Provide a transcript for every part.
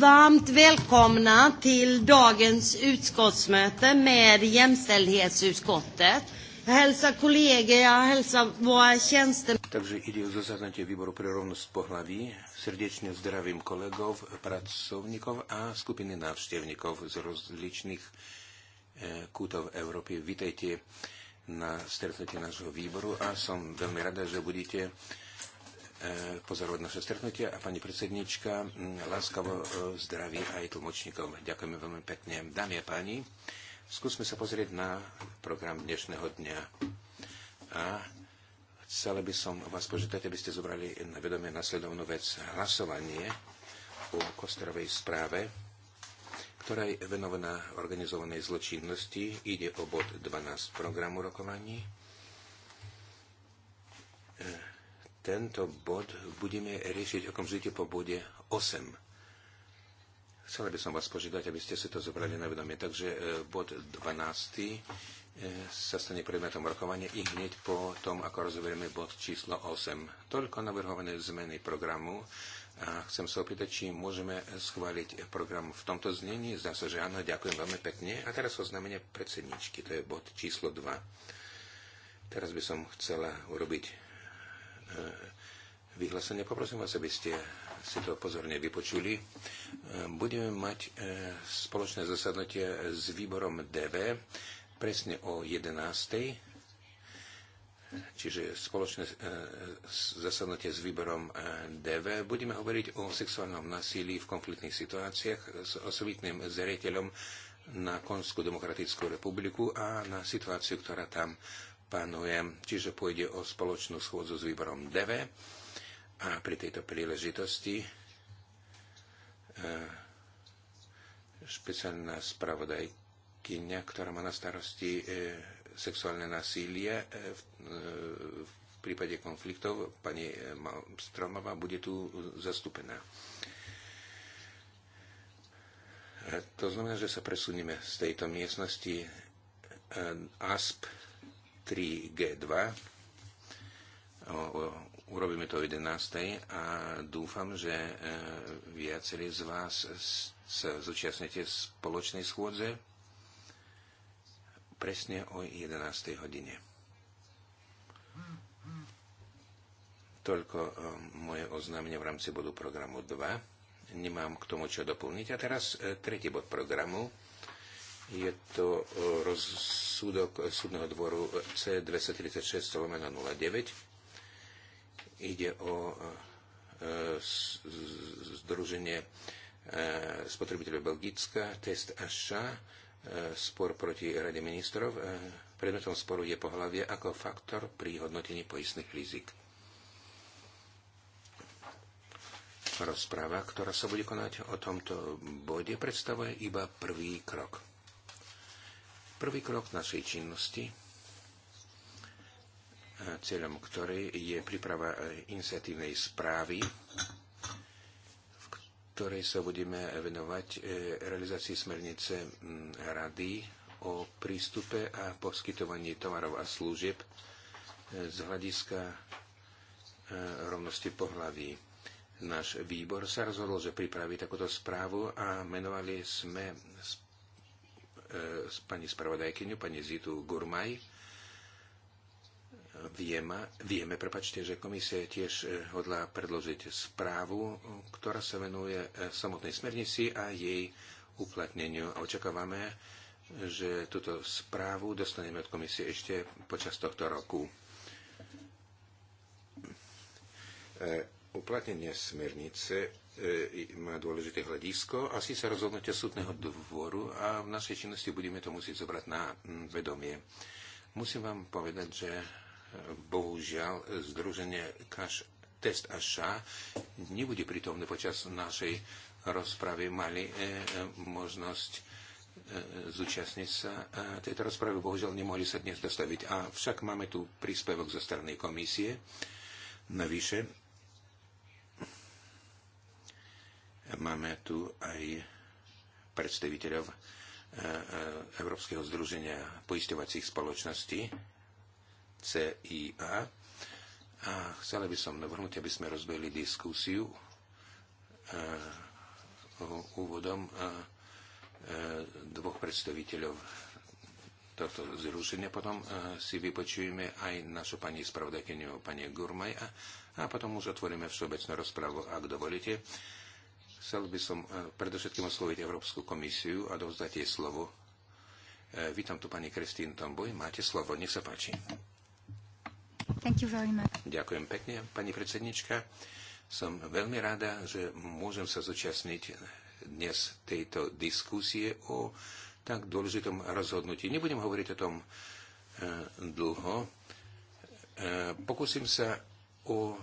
varmt välkomna till dagens utskottsmöte med jämställdhetsutskottet. Jag hälsar kollegor, jag hälsar våra tjänstemän. Takže ide o zasadnutie výboru pre rovnosť pohlaví. Srdečne zdravím kolegov, pracovníkov a skupiny návštevníkov z rozličných eh, kútov Európy. Vítejte na stretnutie nášho výboru a som veľmi rada, že budete E, pozorovať naše stretnutie a pani predsednička láskavo e, zdraví aj tlmočníkom. Ďakujeme veľmi pekne. Dámy a páni, skúsme sa pozrieť na program dnešného dňa. A chcela by som vás požiadať, aby ste zobrali na vedomie nasledovnú vec. Hlasovanie o Kosterovej správe, ktorá je venovaná organizovanej zločinnosti. Ide o bod 12 programu rokovaní e, tento bod budeme riešiť okamžite po bode 8. Chcela by som vás požiadať, aby ste si to zobrali na vedomie. Takže e, bod 12 e, sa stane predmetom rokovania i hneď po tom, ako rozoberieme bod číslo 8. Toľko navrhované zmeny programu. A chcem sa opýtať, či môžeme schváliť program v tomto znení. Zdá sa, že áno, ďakujem veľmi pekne. A teraz oznámenie predsedničky, to je bod číslo 2. Teraz by som chcela urobiť E, vyhlásenie. Poprosím vás, aby ste si to pozorne vypočuli. E, budeme mať e, spoločné zasadnutie s výborom DV presne o 11. Čiže spoločné zasadnutie s výborom DV. Budeme hovoriť o sexuálnom násilí v konfliktných situáciách s osobitným zreteľom na Konskú demokratickú republiku a na situáciu, ktorá tam plánuje, čiže pôjde o spoločnú schôdzu s výborom DV a pri tejto príležitosti e, špeciálna spravodajkynia, ktorá má na starosti e, sexuálne násilie e, v prípade konfliktov, pani Stromová, bude tu zastúpená. To znamená, že sa presunieme z tejto miestnosti ASP 3G2. Urobíme to o 11. a dúfam, že e, viacerí z vás sa zúčastnite spoločnej schôdze presne o 11. hodine. Toľko e, moje oznámenie v rámci bodu programu 2. Nemám k tomu čo doplniť. A teraz e, tretí bod programu je to e, rozsudok e, súdneho dvoru e, C236 09. Ide o združenie spotrebiteľov Belgická, test Aša, spor proti Rade ministrov. Predmetom sporu je pohľavie ako faktor pri hodnotení poistných rizik. Rozpráva, ktorá sa bude konať o tomto bode, predstavuje iba prvý krok. Prvý krok našej činnosti, e, cieľom ktorej je príprava e, iniciatívnej správy, v ktorej sa budeme venovať e, realizácii smernice Rady o prístupe a poskytovaní tovarov a služieb z hľadiska rovnosti pohlaví. Náš výbor sa rozhodol, že pripraví takúto správu a menovali sme s pani spravodajkyňou, pani Zitu Gurmaj. Viema, vieme prepačte, že komisia tiež e, hodlá predložiť správu, ktorá sa venuje e, samotnej smernici a jej uplatneniu. A očakávame, že túto správu dostaneme od komisie ešte počas tohto roku. E, uplatnenie smernice E, má dôležité hľadisko a sa rozhodnete súdneho dvoru a v našej činnosti budeme to musieť zobrať na mm, vedomie. Musím vám povedať, že e, bohužiaľ združenie Kaš Test a ša nebude pritomné počas našej rozpravy. Mali e, možnosť zúčastniť sa tejto rozpravy. Bohužiaľ nemohli sa dnes dostaviť. A však máme tu príspevok zo strany komisie. Navyše, Máme tu aj predstaviteľov eh, Európskeho združenia poisťovacích spoločností CIA. A chcela by som navrhnúť, aby sme rozbili diskusiu eh, úvodom eh, dvoch predstaviteľov tohto zrušenia. Potom si vypočujeme aj našu pani spravodajkyňu, pani Gurmaj, a potom už otvoríme všeobecnú rozpravu, ak dovolíte. Chcel by som e, predovšetkým osloviť Európsku komisiu a dovzdať jej slovo. E, vítam tu pani Kristín Tomboj. Máte slovo, nech sa páči. Thank you very much. Ďakujem pekne, pani predsednička. Som veľmi rada, že môžem sa zúčastniť dnes tejto diskusie o tak dôležitom rozhodnutí. Nebudem hovoriť o tom e, dlho. Pokúsim sa o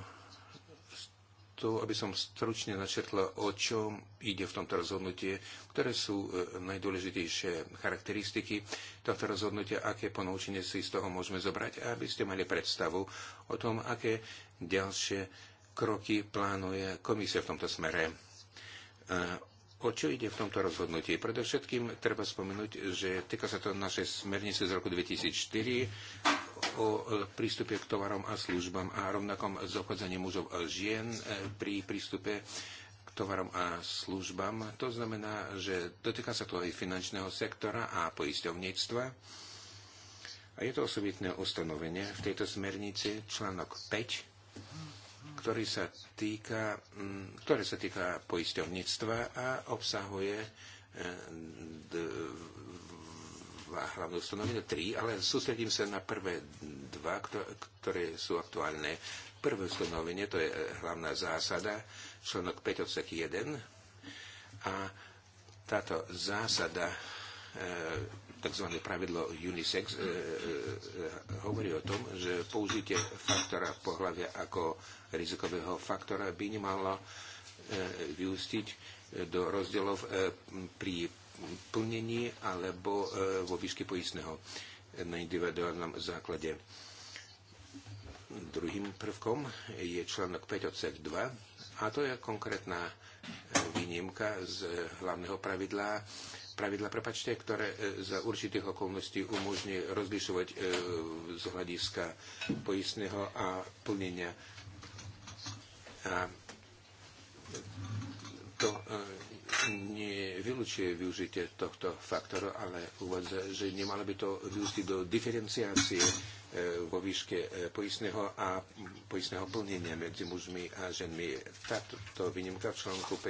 to, aby som stručne načrtla, o čom ide v tomto rozhodnutí, ktoré sú e, najdôležitejšie charakteristiky tohto rozhodnutia, aké ponaučenie si z toho môžeme zobrať, aby ste mali predstavu o tom, aké ďalšie kroky plánuje komisia v tomto smere. E, o čo ide v tomto rozhodnutí? Predovšetkým treba spomenúť, že týka sa to našej smernice z roku 2004 o e, prístupe k tovarom a službám a rovnakom zobchádzanie mužov a žien e, pri prístupe k tovarom a službám. To znamená, že dotýka sa to aj finančného sektora a poisťovníctva. A je to osobitné ustanovenie v tejto smernici, článok 5, ktorý sa týka, ktoré sa týka poisťovníctva a obsahuje e, dva hlavné ustanovenia, tri, ale sústredím sa na prvé dva, ktoré sú aktuálne. Prvé ustanovenie, to je e, hlavná zásada, článok 5 odsek 1 a táto zásada e, tzv. pravidlo unisex e, hovorí o tom, že použitie faktora pohľavia ako rizikového faktora by nemalo vyústiť do rozdielov pri plnení alebo e, vo výške poistného na individuálnom základe. Druhým prvkom je článok 5 odsek 2 a to je konkrétna e, výnimka z hlavného pravidla pravidla, prepačte, ktoré e, za určitých okolností umožní rozlišovať z hľadiska poistného a plnenia. A to nevylučuje využitie tohto faktoru, ale uvádza, že nemalo by to využiť do diferenciácie e, vo výške e, poistného a poistného plnenia medzi mužmi a ženmi. Táto výnimka v článku 5.2 e,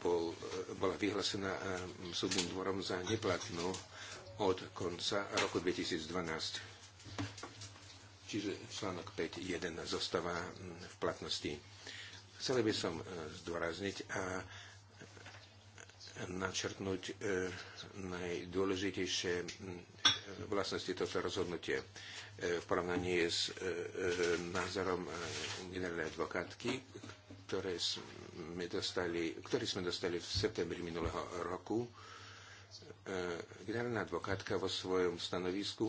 bol, bola vyhlásená súdnym dvorom za neplatnú od konca roku 2012. Čiže článok 5.1 zostáva v platnosti. Chcel by som e, zdôrazniť a načrtnúť e, najdôležitejšie e, vlastnosti tohto rozhodnutie v porovnaní s názorom generálnej advokátky, ktoré sme dostali, ktorý sme dostali v septembri minulého roku. Generálna advokátka vo svojom stanovisku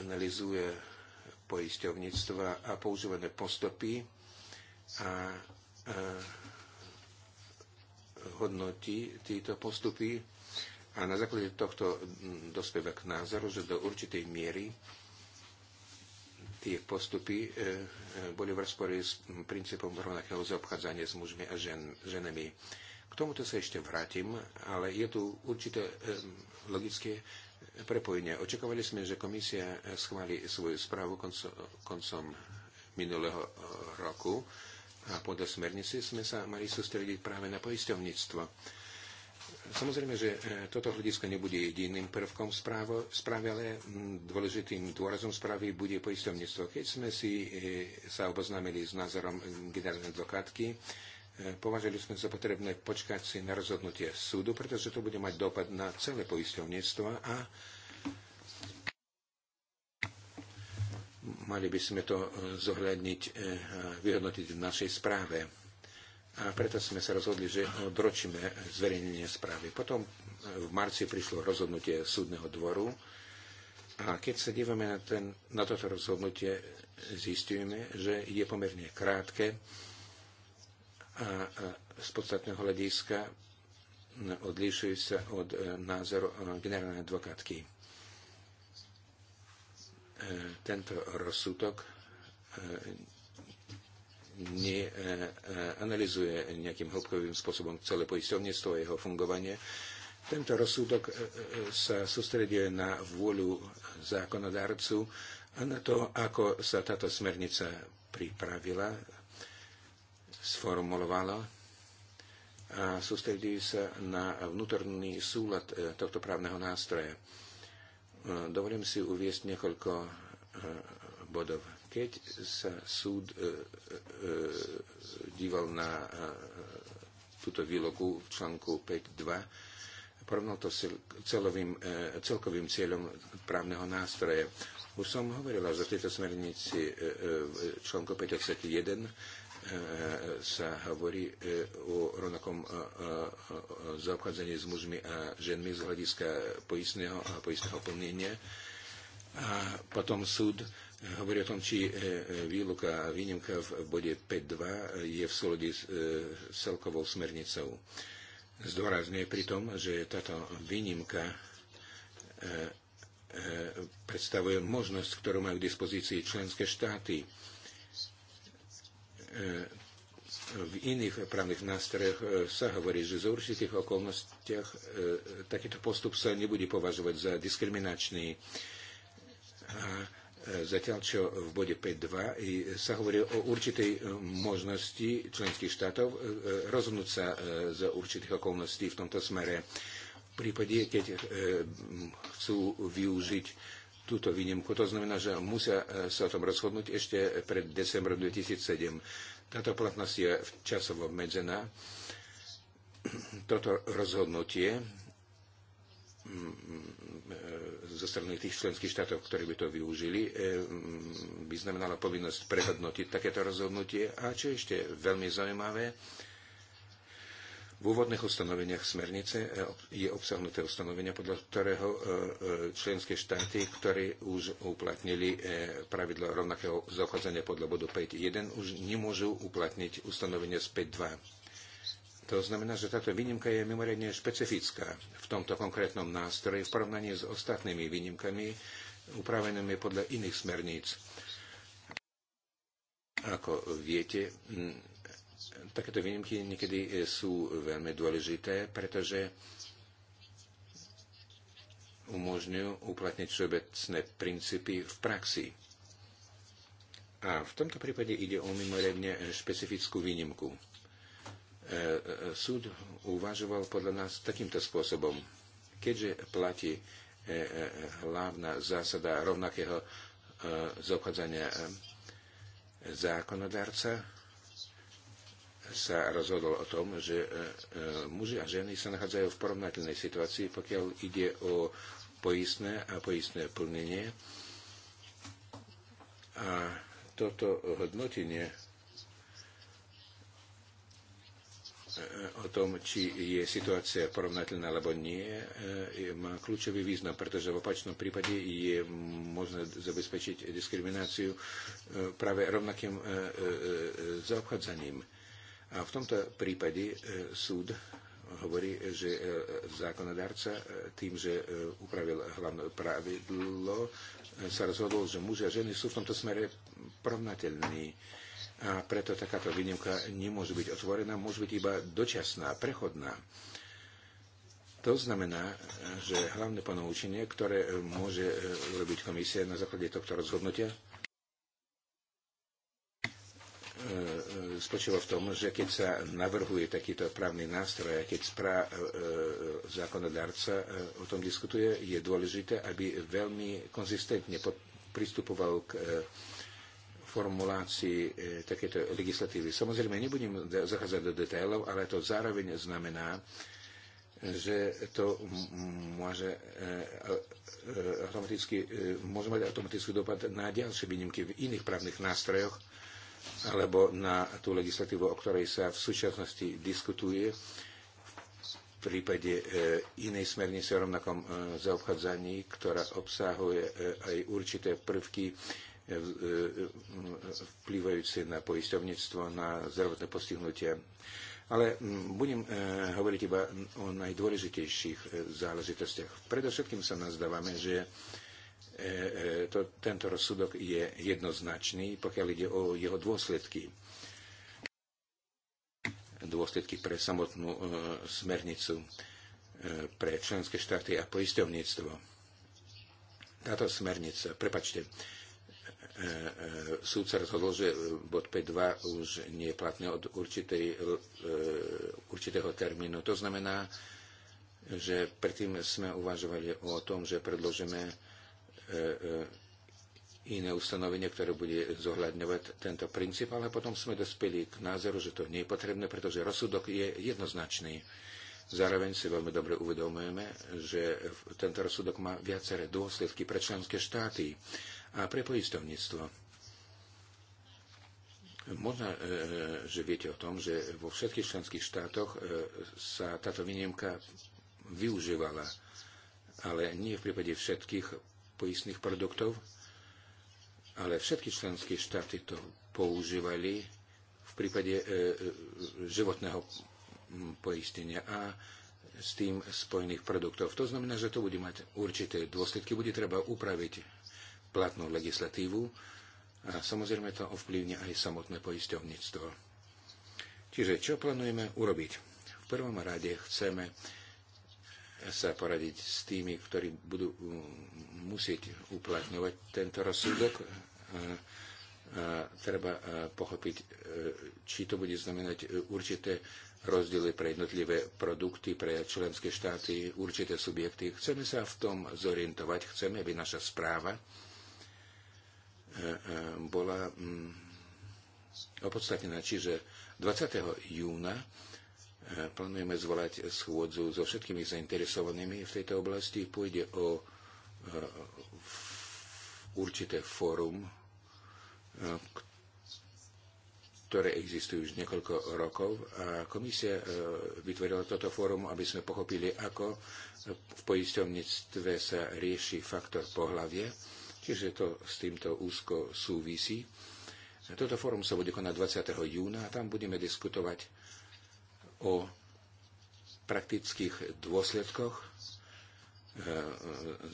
analizuje poisťovníctva a používané postupy a, a hodnotí tieto postupy a na základe tohto dospieva k názoru, že do určitej miery tie postupy e, e, boli v rozpore s princípom rovnakého zaobchádzania s mužmi a žen, ženami. K tomuto sa ešte vrátim, ale je tu určité e, logické prepojenie. Očakávali sme, že komisia schváli svoju správu koncom minulého roku a podľa smernice sme sa mali sústrediť práve na poisťovníctvo. Samozrejme, že e, toto hľadisko nebude jediným prvkom správy, ale dôležitým dôrazom správy bude poisťovníctvo. Keď sme si e, sa oboznámili s názorom generálnej advokátky, e, považili sme za potrebné počkať si na rozhodnutie súdu, pretože to bude mať dopad na celé poisťovníctvo a Mali by sme to zohľadniť eh, a vyhodnotiť v našej správe. A preto sme sa rozhodli, že odročíme zverejnenie správy. Potom eh, v marci prišlo rozhodnutie súdneho dvoru a keď sa dívame na, ten, na toto rozhodnutie, zistujeme, že je pomerne krátke a z podstatného hľadiska mm, odlišuje sa od eh, názoru generálnej advokátky E, tento rozsudok e, neanalizuje e, nejakým hĺbkovým spôsobom celé poisťovníctvo a jeho fungovanie. Tento rozsudok sa sústreduje na vôľu zákonodárcu a na to, ako sa táto smernica pripravila, sformulovala a sústredí sa na vnútorný súlad tohto právneho nástroja. Eh, dovolím si uviesť niekoľko eh, bodov. Keď sa súd eh, díval na túto výlogu v článku 5.2, porovnal to s celovým, celkovým cieľom právneho nástroje. Už som hovorila, že v tejto smernici v článku 5.1 sa hovorí e, o rovnakom e, e, zaobchádzaní s mužmi a ženmi z hľadiska poistného a poistného plnenia. A potom súd hovorí o tom, či výluka a výnimka v bode 5.2 je v súlade s celkovou smernicou. Zdôrazňuje pri tom, že táto výnimka predstavuje možnosť, ktorú majú k dispozícii členské štáty E, v iných právnych nástrojoch e, sa hovorí, že za určitých okolnostiach e, takýto postup sa nebude považovať za diskriminačný. A zatiaľ čo v bode 5.2 sa hovorí o určitej možnosti členských štátov rozhodnúť sa za určitých okolností v tomto smere. V prípade, keď chcú využiť túto výnimku. To znamená, že musia e, sa o tom rozhodnúť ešte pred decembrom 2007. Táto platnosť je časovo obmedzená. Toto rozhodnutie mm, e, zo strany tých členských štátov, ktorí by to využili, e, mm, by znamenala povinnosť prehodnotiť takéto rozhodnutie. A čo je ešte veľmi zaujímavé, v úvodných ustanoveniach smernice e, je obsahnuté ustanovenie, podľa ktorého e, e, členské štáty, ktoré už uplatnili pravidlo rovnakého zaochádzania podľa bodu 5.1, už nemôžu uplatniť ustanovenie z 5.2. To znamená, že táto výnimka je mimoriadne špecifická v tomto konkrétnom nástroji v porovnaní s ostatnými výnimkami upravenými podľa iných smerníc. Ako viete, takéto výnimky niekedy e, sú e, veľmi dôležité, pretože umožňujú uplatniť všeobecné princípy v praxi. A v tomto prípade ide o mimoriadne špecifickú výnimku. E, súd uvažoval podľa nás takýmto spôsobom. Keďže platí hlavná zásada rovnakého zaobchádzania zákonodárca, sa rozhodol o tom, že e, e, muži a ženy sa nachádzajú v porovnateľnej situácii, pokiaľ ide o poistné a poistné plnenie. A toto hodnotenie e, o tom, či je situácia porovnateľná alebo nie, má kľúčový význam, pretože v opačnom prípade je možné zabezpečiť diskrimináciu práve rovnakým zaobchádzaním. A v tomto prípade e, súd hovorí, že e, zákonodárca e, tým, že upravil hlavné pravidlo, sa rozhodol, že muži a ženy sú v tomto smere porovnateľní. A preto takáto výnimka nemôže byť otvorená, môže byť iba dočasná, prechodná. To znamená, že hlavné ponaučenie, ktoré môže urobiť komisia na základe tohto rozhodnutia, E, e, spočíva v tom, že keď sa navrhuje takýto právny nástroj a keď spra, e, zákonodárca o tom diskutuje, je dôležité, aby veľmi konzistentne pristupoval k formulácii takéto legislatívy. Samozrejme, nebudem zachádzať do detailov, ale to zároveň znamená, že to môže automaticky, môže mať automatický dopad na ďalšie výnimky v iných právnych nástrojoch, alebo na tú legislatívu, o ktorej sa v súčasnosti diskutuje v prípade e, inej smernice o rovnakom e, zaobchádzaní, ktorá obsahuje e, aj určité prvky vplyvajúce na poisťovníctvo, na zdravotné postihnutie. Ale budem hovoriť iba o najdôležitejších záležitostiach. Predovšetkým sa nazdávame, že E, e, to, tento rozsudok je jednoznačný, pokiaľ ide o jeho dôsledky. Dôsledky pre samotnú e, smernicu, e, pre členské štáty a poistovníctvo. Táto smernica, prepačte, e, e, súd sa rozhodol, že bod 5.2 už nie je platný od určitej, e, určitého termínu. To znamená, že predtým sme uvažovali o tom, že predložíme E, e, iné ustanovenie, ktoré bude zohľadňovať tento princíp, ale potom sme dospeli k názoru, že to nie je potrebné, pretože rozsudok je jednoznačný. Zároveň si veľmi dobre uvedomujeme, že tento rozsudok má viaceré dôsledky pre členské štáty a pre poistovníctvo. Možno, e, že viete o tom, že vo všetkých členských štátoch sa táto výnimka využívala, ale nie v prípade všetkých poistných produktov, ale všetky členské štáty to používali v prípade e, e, životného poistenia a s tým spojených produktov. To znamená, že to bude mať určité dôsledky, bude treba upraviť platnú legislatívu a samozrejme to ovplyvne aj samotné poisťovníctvo. Čiže čo plánujeme urobiť? V prvom rade chceme sa poradiť s tými, ktorí budú mm, musieť uplatňovať tento rozsudok. Treba pochopiť, e, či to bude znamenať e, určité rozdiely pre jednotlivé produkty, pre členské štáty, určité subjekty. Chceme sa v tom zorientovať, chceme, aby naša správa e, bola mm, opodstatnená. Čiže 20. júna Plánujeme zvolať schôdzu so všetkými zainteresovanými v tejto oblasti. Pôjde o e, určité fórum, e, ktoré existujú už niekoľko rokov. A komisia e, vytvorila toto fórum, aby sme pochopili, ako v poisťovníctve sa rieši faktor pohľavie, čiže to s týmto úzko súvisí. Toto fórum sa bude konať 20. júna a tam budeme diskutovať o praktických dôsledkoch, e,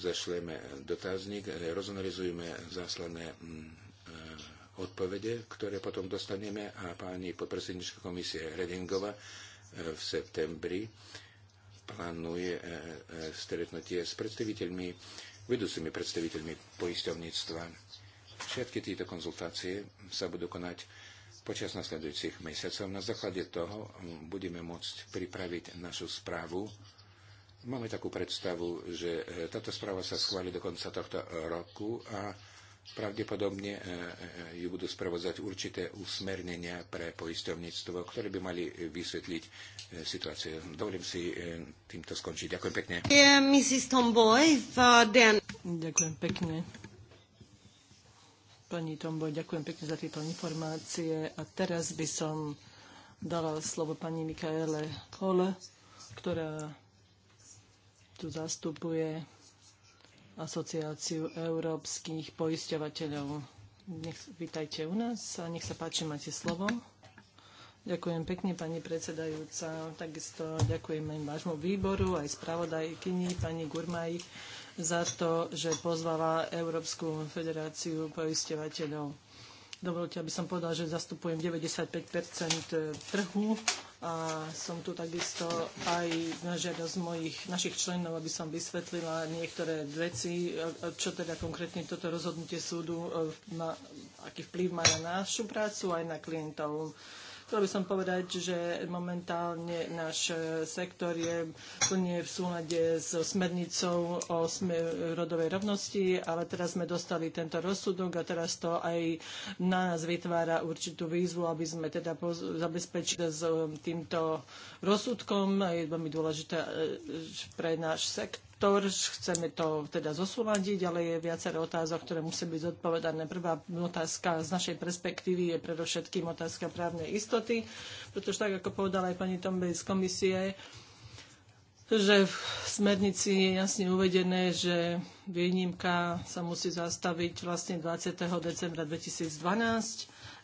zašleme dotazník, rozanalizujeme záslané mm, e, odpovede, ktoré potom dostaneme a pani podpredsednička komisie Redingova e, v septembri plánuje stretnutie s predstaviteľmi, vedúcimi predstaviteľmi poisťovníctva. Všetky tieto konzultácie sa budú konať Počas nasledujúcich mesiacov na základe toho budeme môcť pripraviť našu správu. Máme takú predstavu, že e, táto správa sa schváli do konca tohto e, roku a pravdepodobne e, ju budú sprevodzať určité usmernenia pre poistovníctvo, ktoré by mali vysvetliť situáciu. Dovolím si týmto skončiť. Ďakujem pekne. Ďakujem pekne. Pani Tombo, ďakujem pekne za tieto informácie. A teraz by som dala slovo pani Mikaele Kole, ktorá tu zastupuje Asociáciu európskych poisťovateľov. Nech, vítajte u nás a nech sa páči, máte slovo. Ďakujem pekne, pani predsedajúca. Takisto ďakujem aj vášmu výboru, aj spravodajkyni, pani Gurmaj, za to, že pozvala Európsku federáciu poisťovateľov. Dovolte, aby som povedal, že zastupujem 95 trhu a som tu takisto aj na žiadosť mojich, našich členov, aby som vysvetlila niektoré veci, čo teda konkrétne toto rozhodnutie súdu, eh, má, aký vplyv má na našu prácu aj na klientov Chcel by som povedať, že momentálne náš e, sektor je plne v súlade so smernicou o rodovej rovnosti, ale teraz sme dostali tento rozsudok a teraz to aj na nás vytvára určitú výzvu, aby sme teda zabezpečili s e, týmto rozsudkom. Je veľmi dôležité e, pre náš sektor sektor, chceme to teda zosúľadiť, ale je viacero otázok, ktoré musí byť zodpovedané. Prvá otázka z našej perspektívy je predovšetkým otázka právnej istoty, pretože tak, ako povedala aj pani Tombej z komisie, že v smernici je jasne uvedené, že výnimka sa musí zastaviť vlastne 20. decembra 2012.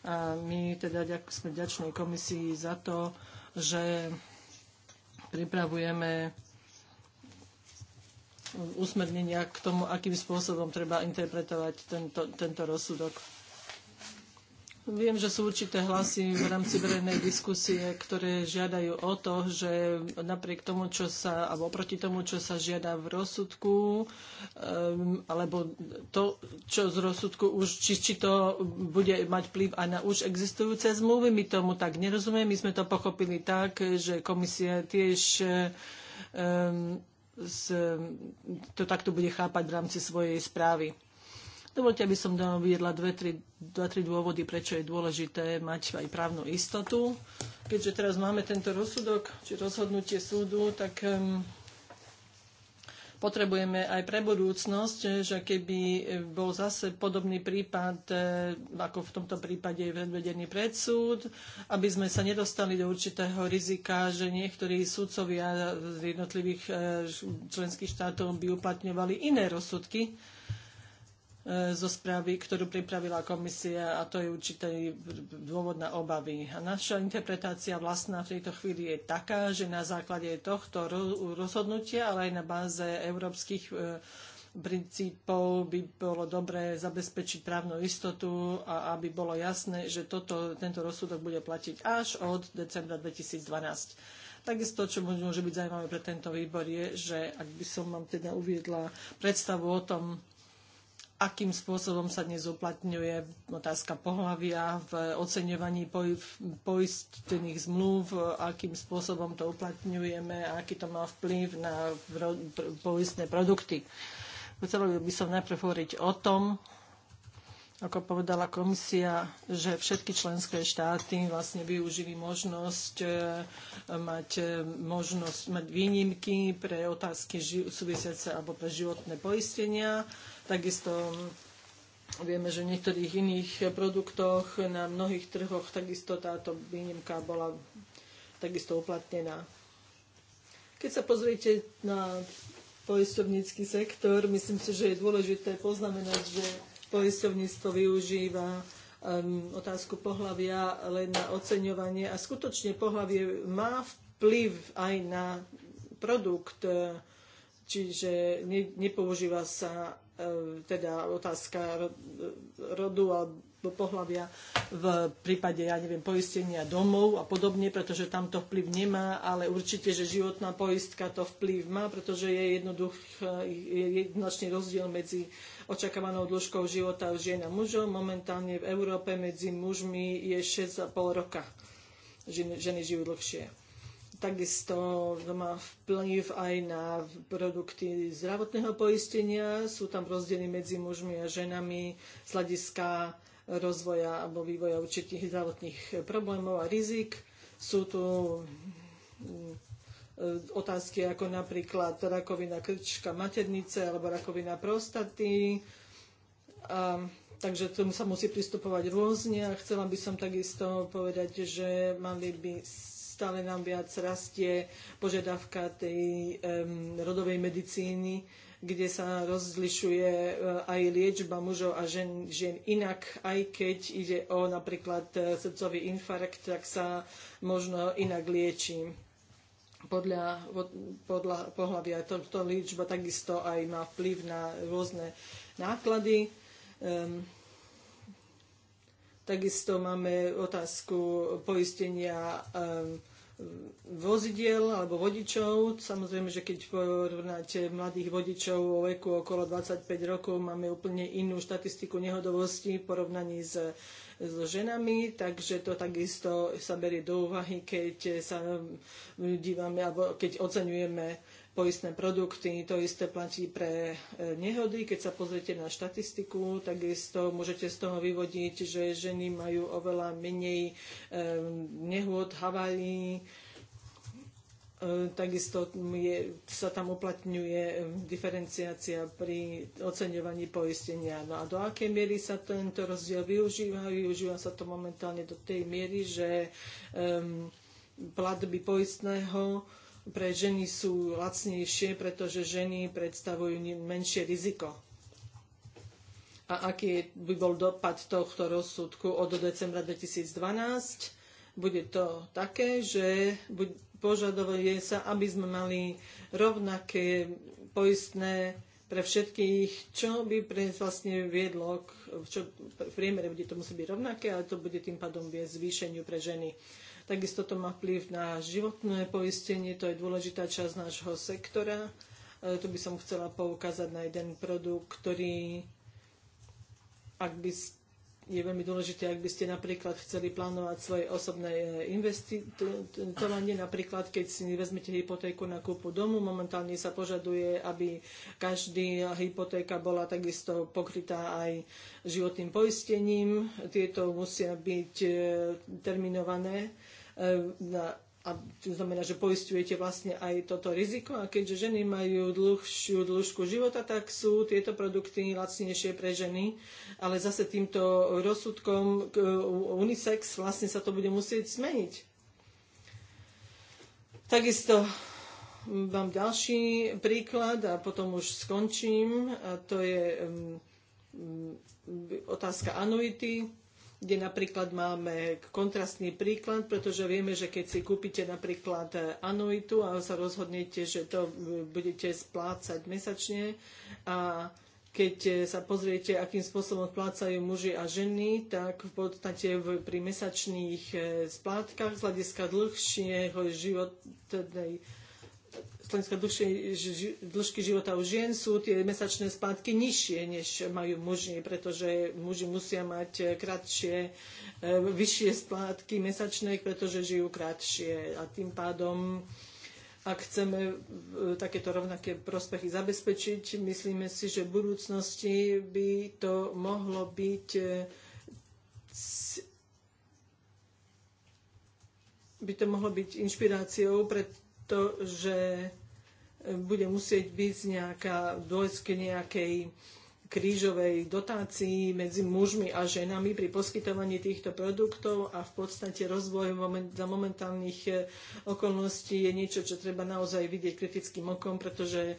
A my teda sme ďační komisii za to, že pripravujeme usmernenia k tomu, akým spôsobom treba interpretovať tento, tento rozsudok. Viem, že sú určité hlasy v rámci verejnej diskusie, ktoré žiadajú o to, že napriek tomu, čo sa, alebo proti tomu, čo sa žiada v rozsudku, um, alebo to, čo z rozsudku už, či, či to bude mať vplyv aj na už existujúce zmluvy, my tomu tak nerozumieme. My sme to pochopili tak, že komisia tiež um, z, to takto bude chápať v rámci svojej správy. Dovolte, aby som uviedla dve, tri, dva, tri dôvody, prečo je dôležité mať aj právnu istotu. Keďže teraz máme tento rozsudok, či rozhodnutie súdu, tak um, potrebujeme aj pre budúcnosť, eh, že keby eh, bol zase podobný prípad, eh, ako v tomto prípade je vedvedený predsúd, aby sme sa nedostali do určitého rizika, že niektorí sudcovia z jednotlivých členských štátov by uplatňovali iné rozsudky, E, zo správy, ktorú pripravila komisia a to je určitý dôvod na obavy. A naša interpretácia vlastná v tejto chvíli je taká, že na základe tohto rozhodnutia, ale aj na báze európskych e, princípov by bolo dobré zabezpečiť právnu istotu a aby bolo jasné, že toto, tento rozsudok bude platiť až od decembra 2012. Takisto, čo môže byť zaujímavé pre tento výbor, je, že ak by som vám teda uviedla predstavu o tom, akým spôsobom sa dnes uplatňuje otázka pohlavia v oceňovaní poistených zmluv, akým spôsobom to uplatňujeme a aký to má vplyv na poistné produkty. Chcela by som najprv hovoriť o tom, ako povedala komisia, že všetky členské štáty vlastne využili možnosť e, mať e, možnosť mať výnimky pre otázky súvisiace alebo pre životné poistenia. Takisto vieme, že v niektorých iných produktoch na mnohých trhoch takisto táto výnimka bola takisto uplatnená. Keď sa pozriete na poistovnícky sektor, myslím si, že je dôležité poznamenať, že poisťovníctvo využíva um, otázku pohlavia len na oceňovanie a skutočne pohlavie má vplyv aj na produkt, eh, čiže ne, nepoužíva sa eh, teda otázka rodu alebo pohľavia v prípade, ja neviem, poistenia domov a podobne, pretože tam to vplyv nemá, ale určite, že životná poistka to vplyv má, pretože je jednoduchý rozdiel medzi očakávanou dĺžkou života žien a mužov. Momentálne v Európe medzi mužmi je 6,5 roka. Ženy žijú dlhšie. Takisto to má vplyv aj na produkty zdravotného poistenia. Sú tam rozdiely medzi mužmi a ženami z hľadiska rozvoja alebo vývoja určitých zdravotných problémov a rizik. Sú tu mm, e, otázky ako napríklad rakovina krčka maternice alebo rakovina prostaty. A, takže tomu sa musí pristupovať rôzne a chcela by som takisto povedať, že mali by stále nám viac rastie požiadavka tej um, rodovej medicíny, kde sa rozlišuje e, aj liečba mužov a žen, žien inak, aj keď ide o napríklad e, srdcový infarkt, tak sa možno inak lieči podľa, podľa pohľavia. Toto liečba takisto aj má vplyv na rôzne náklady. Um, takisto máme otázku poistenia um, vozidiel alebo vodičov. Samozrejme, že keď porovnáte mladých vodičov o veku okolo 25 rokov, máme úplne inú štatistiku nehodovosti v porovnaní s, s ženami, takže to takisto sa berie do úvahy, keď sa dívame alebo keď oceňujeme poistné produkty. To isté platí pre e, nehody. Keď sa pozriete na štatistiku, takisto môžete z toho vyvodiť, že ženy majú oveľa menej e, nehôd, havárií, e, Takisto je, sa tam uplatňuje diferenciácia pri oceňovaní poistenia. No a do akej miery sa tento rozdiel využíva? Využíva sa to momentálne do tej miery, že um, platby poistného pre ženy sú lacnejšie, pretože ženy predstavujú menšie riziko. A aký by bol dopad tohto rozsudku od decembra 2012? bude to také, že požaduje sa, aby sme mali rovnaké poistné pre všetkých, čo by pre vlastne viedlo, čo v priemere bude to musí byť rovnaké, ale to bude tým pádom viesť zvýšeniu pre ženy. Takisto to má vplyv na životné poistenie, to je dôležitá časť nášho sektora. E, tu by som chcela poukázať na jeden produkt, ktorý ak by ste je veľmi dôležité, ak by ste napríklad chceli plánovať svoje osobné e, investovanie, napríklad keď si vezmete hypotéku na kúpu domu, momentálne sa požaduje, aby každý hypotéka bola takisto pokrytá aj životným poistením. Tieto musia byť e, terminované e, na a to znamená, že poistujete vlastne aj toto riziko a keďže ženy majú dlhšiu dĺžku života, tak sú tieto produkty lacnejšie pre ženy, ale zase týmto rozsudkom unisex vlastne sa to bude musieť zmeniť. Takisto mám ďalší príklad a potom už skončím. A to je um, um, otázka anuity kde napríklad máme kontrastný príklad, pretože vieme, že keď si kúpite napríklad e, anuitu a sa rozhodnete, že to e, budete splácať mesačne a keď e, sa pozriete, akým spôsobom splácajú muži a ženy, tak v podstate pri mesačných splátkach z hľadiska dlhšieho životnej z hľadiska dĺžky života u žien sú tie mesačné splátky nižšie, než majú muži, pretože muži musia mať eh, kratšie, eh, vyššie splátky mesačné, pretože žijú kratšie a tým pádom ak chceme eh, takéto rovnaké prospechy zabezpečiť, myslíme si, že v budúcnosti by to mohlo byť by to mohlo byť inšpiráciou pre to, že bude musieť byť nejaká dôjsť k nejakej krížovej dotácii medzi mužmi a ženami pri poskytovaní týchto produktov a v podstate rozvoj za momentálnych eh, okolností je niečo, čo treba naozaj vidieť kritickým okom, pretože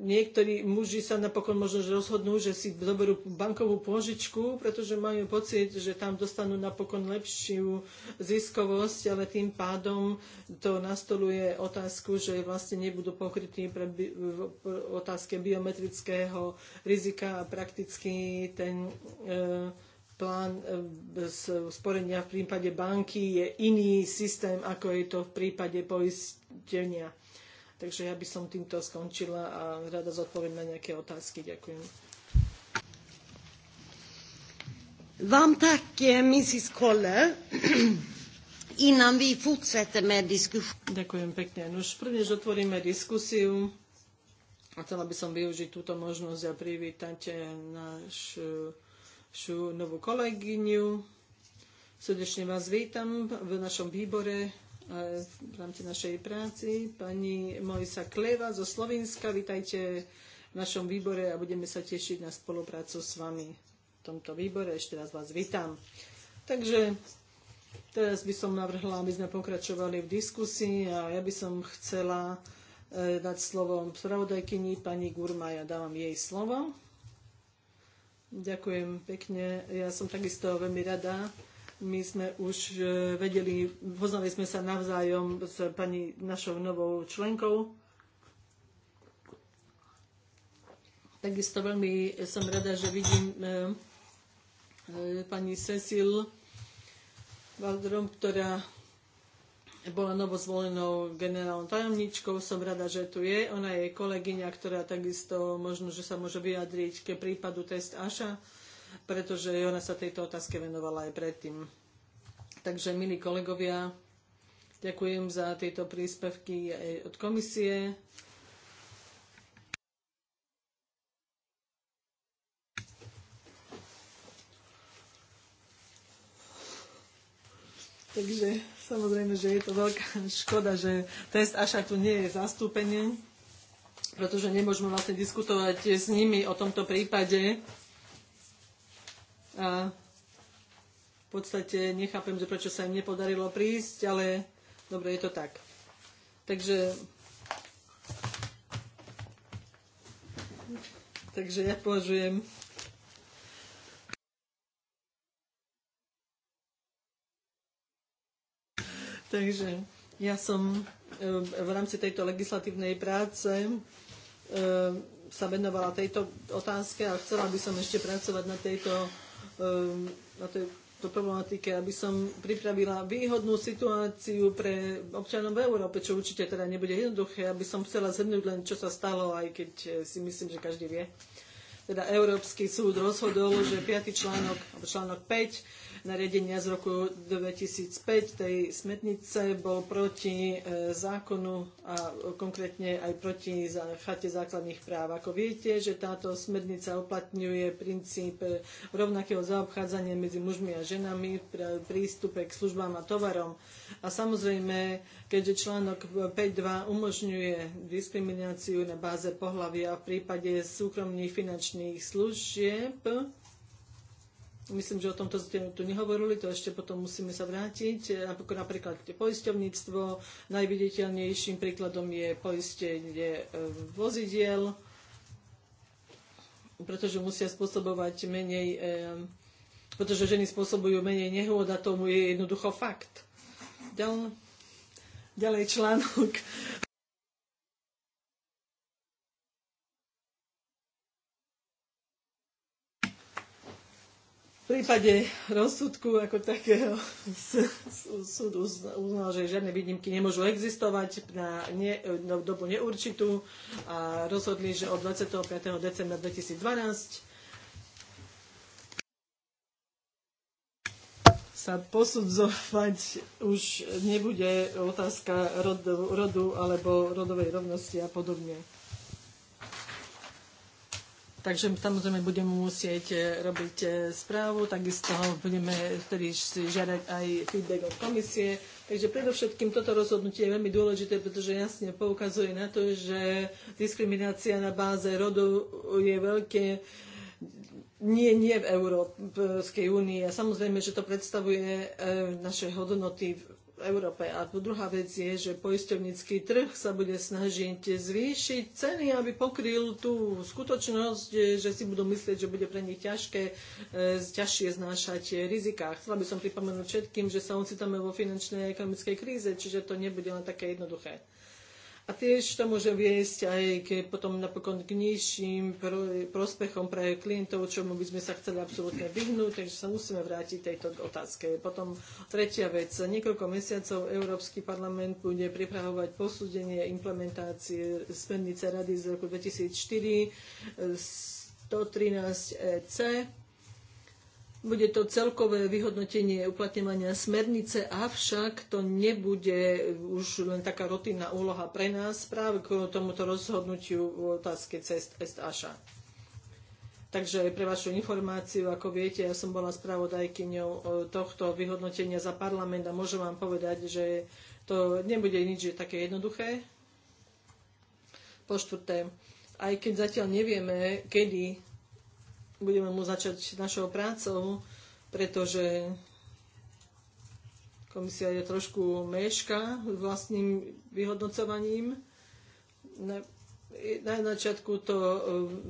niektorí muži sa napokon možno rozhodnú, že si zoberú bankovú pôžičku, pretože majú pocit, že tam dostanú napokon lepšiu ziskovosť, ale tým pádom to nastoluje otázku, že vlastne nebudú pokrytí pre v otázke biometrického rizika prakticky ten e, plán e, sporenia v prípade banky je iný systém, ako je to v prípade poistenia. Takže ja by som týmto skončila a rada zodpoviem na nejaké otázky. Ďakujem. Varmt tack, eh, Mrs. Koller. Innan vi fortsätter med diskussion. Ďakujem pekne. Nož, prvnež otvoríme diskusiu chcela by som využiť túto možnosť a privítať našu, e, našu novú kolegyňu. Srdečne vás vítam v našom výbore e, v rámci našej práci. Pani Mojsa Kleva zo Slovenska, vítajte v našom výbore a budeme sa tešiť na spoluprácu s vami v tomto výbore. Ešte raz vás vítam. Takže teraz by som navrhla, aby sme pokračovali v diskusii a ja by som chcela nad e, slovom spravodajkyni pani Gurma. Ja dávam jej slovo. Ďakujem pekne. Ja som takisto veľmi rada. My sme už e, vedeli, poznali sme sa navzájom s pani našou novou členkou. Takisto veľmi som rada, že vidím e, pani Cecil Valdrom, ktorá bola novozvolenou generálnou tajomničkou. Som rada, že tu je. Ona je kolegyňa, ktorá takisto možno, že sa môže vyjadriť ke prípadu test Aša, pretože ona sa tejto otázke venovala aj predtým. Takže, milí kolegovia, ďakujem za tieto príspevky aj od komisie. Takže Samozrejme, že je to veľká škoda, že test Aša tu nie je zastúpenie. pretože nemôžeme vlastne diskutovať s nimi o tomto prípade. A v podstate nechápem, že prečo sa im nepodarilo prísť, ale dobre, je to tak. Takže Takže ja považujem Takže ja som eh, v rámci tejto legislatívnej práce eh, sa venovala tejto otázke a chcela by som ešte pracovať na tejto, eh, na tejto problematike, aby som pripravila výhodnú situáciu pre občanov v Európe, čo určite teda nebude jednoduché, aby som chcela zhrnúť len, čo sa stalo, aj keď si myslím, že každý vie. Teda Európsky súd rozhodol, že 5. článok, alebo článok 5 nariadenia z roku 2005 tej smernice bol proti e, zákonu a konkrétne aj proti chate základných práv. Ako viete, že táto smernica uplatňuje princíp e, rovnakého zaobchádzania medzi mužmi a ženami v prístupe k službám a tovarom. A samozrejme, keďže článok 5.2 umožňuje diskrimináciu na báze pohlavia v prípade súkromných finančných služieb, Myslím, že o tomto ste tu nehovorili, to ešte potom musíme sa vrátiť. Napríklad poisťovníctvo, najviditeľnejším príkladom je poistenie e, vozidiel, pretože musia spôsobovať menej, e, pretože ženy spôsobujú menej nehôd a tomu je jednoducho fakt. Ďalej článok v prípade rozsudku ako takého súd uznal, že žiadne výnimky nemôžu existovať na, ne, na dobu neurčitú a rozhodli, že od 25. decembra 2012 sa posudzovať už nebude otázka rodu, rodu alebo rodovej rovnosti a podobne. Takže samozrejme budeme musieť e, robiť e, správu, takisto budeme vtedy si žiadať aj feedback od komisie. Takže predovšetkým toto rozhodnutie je veľmi dôležité, pretože jasne poukazuje na to, že diskriminácia na báze rodu je veľké nie, nie v Európskej únii. A samozrejme, že to predstavuje e, naše hodnoty Európe. A druhá vec je, že poisťovnícky trh sa bude snažiť zvýšiť ceny, aby pokryl tú skutočnosť, že si budú myslieť, že bude pre nich ťažké, e, ťažšie znášať riziká. Chcela by som pripomenúť všetkým, že sa ocitáme vo finančnej a ekonomickej kríze, čiže to nebude len také jednoduché. A tiež to môže viesť aj k, potom napokon k nižším prospechom pre klientov, čomu by sme sa chceli absolútne vyhnúť, takže sa musíme vrátiť tejto otázke. Potom tretia vec. Niekoľko mesiacov Európsky parlament bude pripravovať posúdenie implementácie smernice Rady z roku 2004 113 eh, EC bude to celkové vyhodnotenie uplatňovania smernice, avšak to nebude už len taká rutinná úloha pre nás práve k tomuto rozhodnutiu v otázke cest SAŠA. Takže pre vašu informáciu, ako viete, ja som bola spravodajkyňou e, tohto vyhodnotenia za parlament a môžem vám povedať, že to nebude nič také jednoduché. Po štvrté, aj keď zatiaľ nevieme, kedy budeme môcť začať našou prácou, pretože komisia je trošku meška vlastným vyhodnocovaním. Na, na začiatku to e,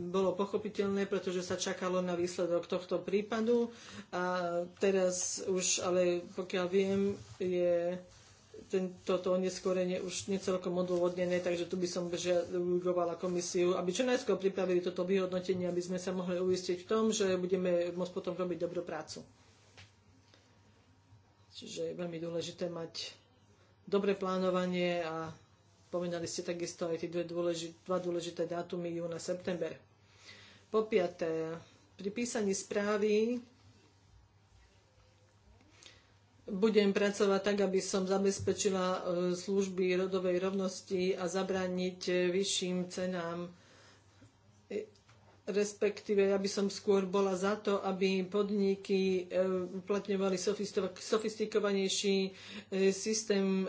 bolo pochopiteľné, pretože sa čakalo na výsledok tohto prípadu a teraz už, ale pokiaľ viem, je toto oneskorenie už necelkom odôvodnené, takže tu by som žiadovala komisiu, aby čo najskôr pripravili toto vyhodnotenie, aby sme sa mohli uistiť v tom, že budeme môcť potom robiť dobrú prácu. Čiže je veľmi dôležité mať dobré plánovanie a pomenali ste takisto aj tie dva dôležité dátumy júna, september. Po piaté, pri písaní správy budem pracovať tak, aby som zabezpečila e, služby rodovej rovnosti a zabrániť e, vyšším cenám e, respektíve ja by som skôr bola za to, aby podniky e, uplatňovali sofistikovanejší e, systém e,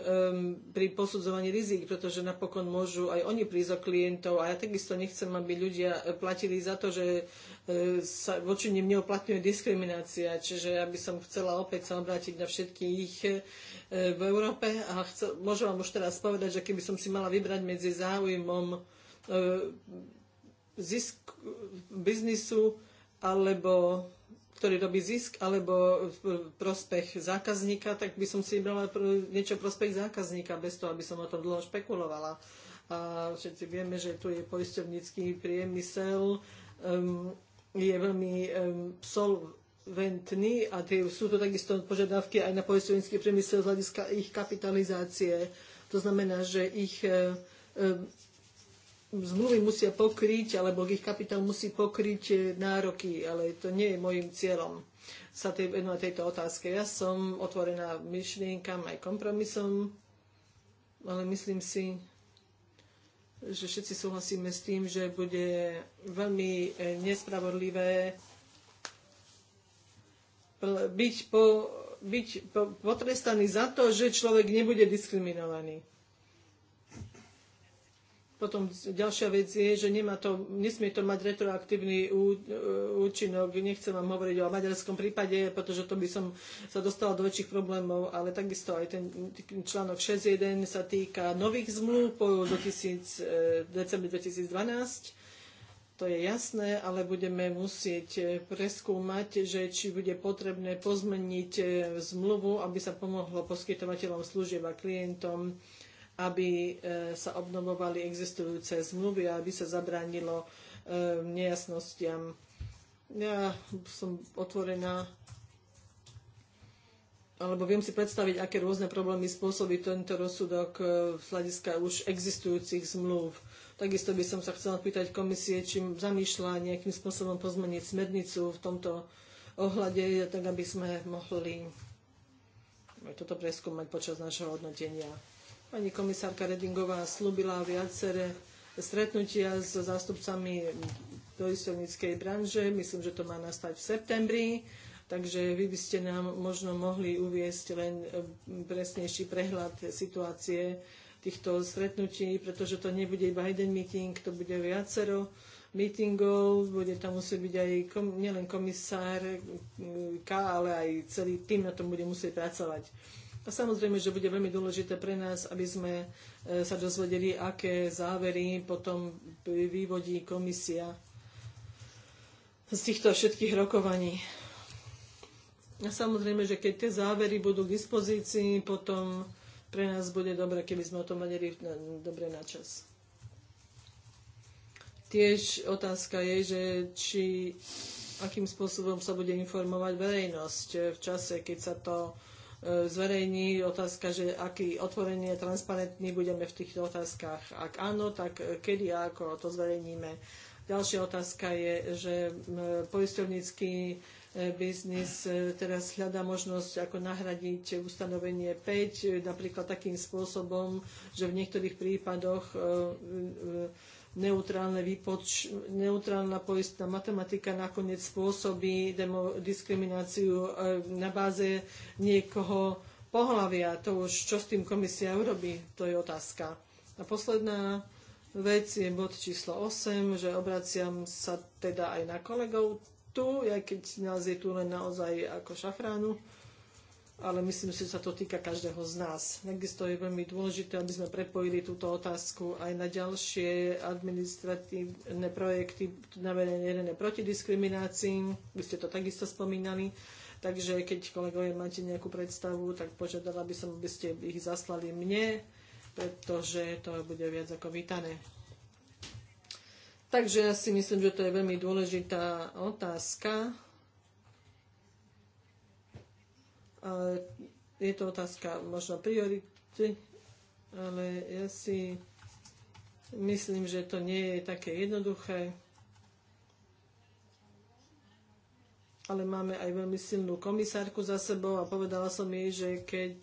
pri posudzovaní rizik, pretože napokon môžu aj oni prísť o klientov a ja takisto nechcem, aby ľudia platili za to, že sa voči nim neoplatňuje diskriminácia. Čiže ja by som chcela opäť sa obrátiť na všetkých v Európe a chcel, môžem vám už teraz povedať, že keby som si mala vybrať medzi záujmom zisk biznisu alebo ktorý robí zisk alebo prospech zákazníka, tak by som si brala niečo prospech zákazníka bez toho, aby som o tom dlho špekulovala. A všetci vieme, že tu je poisťovnícky priemysel, um, je veľmi um, solventný a tie, sú to takisto požiadavky aj na poisťovnícky priemysel z hľadiska ich kapitalizácie. To znamená, že ich um, zmluvy musia pokryť, alebo ich kapitál musí pokryť e, nároky, ale to nie je môjim cieľom sa tej, venovať tejto otázke. Ja som otvorená myšlienkam aj kompromisom, ale myslím si, že všetci súhlasíme s tým, že bude veľmi e, nespravodlivé byť, po, byť potrestaný za to, že človek nebude diskriminovaný. Potom ďalšia vec je, že nemá to, nesmie to mať retroaktívny ú, účinok. Nechcem vám hovoriť o maďarskom prípade, pretože to by som sa dostala do väčších problémov, ale takisto aj ten článok 6.1 sa týka nových zmluv po 2000, e, decembri 2012 to je jasné, ale budeme musieť e, preskúmať, že či bude potrebné pozmeniť e, zmluvu, aby sa pomohlo poskytovateľom služieb a klientom aby e, sa obnovovali existujúce zmluvy a aby sa zabránilo e, nejasnostiam. Ja som otvorená alebo viem si predstaviť, aké rôzne problémy spôsobí tento rozsudok e, z hľadiska už existujúcich zmluv. Takisto by som sa chcela pýtať komisie, či zamýšľa nejakým spôsobom pozmeniť smernicu v tomto ohľade, tak aby sme mohli toto preskúmať počas našeho hodnotenia. Pani komisárka Redingová slúbila viaceré stretnutia so zástupcami doisovníckej branže. Myslím, že to má nastať v septembri. Takže vy by ste nám možno mohli uviesť len presnejší prehľad situácie týchto stretnutí, pretože to nebude iba jeden meeting, to bude viacero meetingov, bude tam musieť byť aj kom, nielen komisár K, ale aj celý tým na tom bude musieť pracovať. A samozrejme, že bude veľmi dôležité pre nás, aby sme e, sa dozvedeli, aké závery potom vyvodí komisia z týchto všetkých rokovaní. A samozrejme, že keď tie závery budú k dispozícii, potom pre nás bude dobre, keby sme o tom vedeli dobre na čas. Tiež otázka je, že či akým spôsobom sa bude informovať verejnosť v čase, keď sa to zverejní otázka, že aký otvorenie transparentný budeme v týchto otázkach. Ak áno, tak kedy a ako to zverejníme. Ďalšia otázka je, že poisťovnícky e, biznis e, teraz hľadá možnosť, ako nahradiť ustanovenie 5, e, napríklad takým spôsobom, že v niektorých prípadoch neutrálne výpoč, neutrálna poistná matematika nakoniec spôsobí demo, diskrimináciu e, na báze niekoho pohľavia. To už čo s tým komisia urobí, to je otázka. A posledná vec je bod číslo 8, že obraciam sa teda aj na kolegov tu, aj keď nás je tu len naozaj ako šafránu ale myslím si, že sa to týka každého z nás. Takisto je veľmi dôležité, aby sme prepojili túto otázku aj na ďalšie administratívne projekty naverené proti diskriminácii. Vy ste to takisto spomínali. Takže keď kolegovia máte nejakú predstavu, tak požiadala by som, aby ste ich zaslali mne, pretože to bude viac ako vítané. Takže ja si myslím, že to je veľmi dôležitá otázka Je to otázka možno priority, ale ja si myslím, že to nie je také jednoduché. ale máme aj veľmi silnú komisárku za sebou a povedala som jej, že keď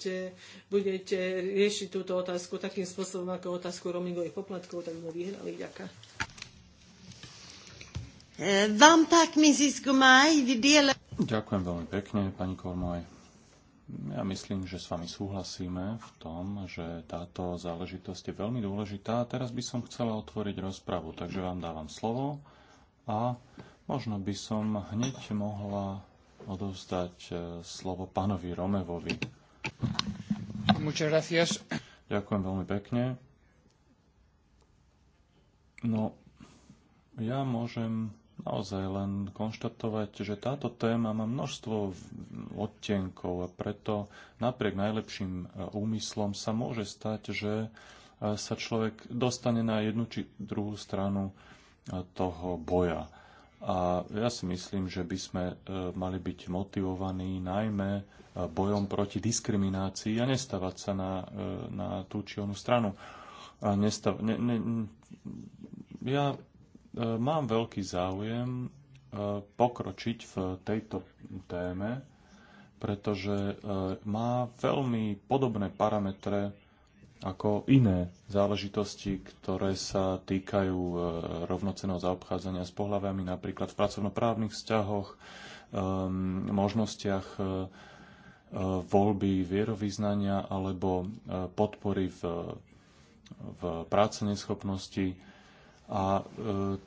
budete riešiť túto otázku takým spôsobom ako otázku roamingových poplatkov, tak sme vyhrali. ďaká. Eh, vám tak, Mrs. Gumaj, Ďakujem veľmi pekne, pani Kormoj. Ja myslím, že s vami súhlasíme v tom, že táto záležitosť je veľmi dôležitá. Teraz by som chcela otvoriť rozpravu, takže vám dávam slovo a možno by som hneď mohla odovzdať e, slovo pánovi Romevovi. Ďakujem veľmi pekne. No, ja môžem naozaj len konštatovať, že táto téma má množstvo odtenkov a preto napriek najlepším e, úmyslom sa môže stať, že e, sa človek dostane na jednu či druhú stranu e, toho boja. A ja si myslím, že by sme mali byť motivovaní najmä bojom proti diskriminácii a nestavať sa na, na tú či onú stranu. A nestav, ne, ne, ja E, mám veľký záujem e, pokročiť v tejto téme, pretože e, má veľmi podobné parametre ako iné záležitosti, ktoré sa týkajú rovnoceného zaobchádzania s pohľavami, napríklad v pracovnoprávnych vzťahoch, možnostiach voľby vierovýznania alebo podpory v, v neschopnosti. A e,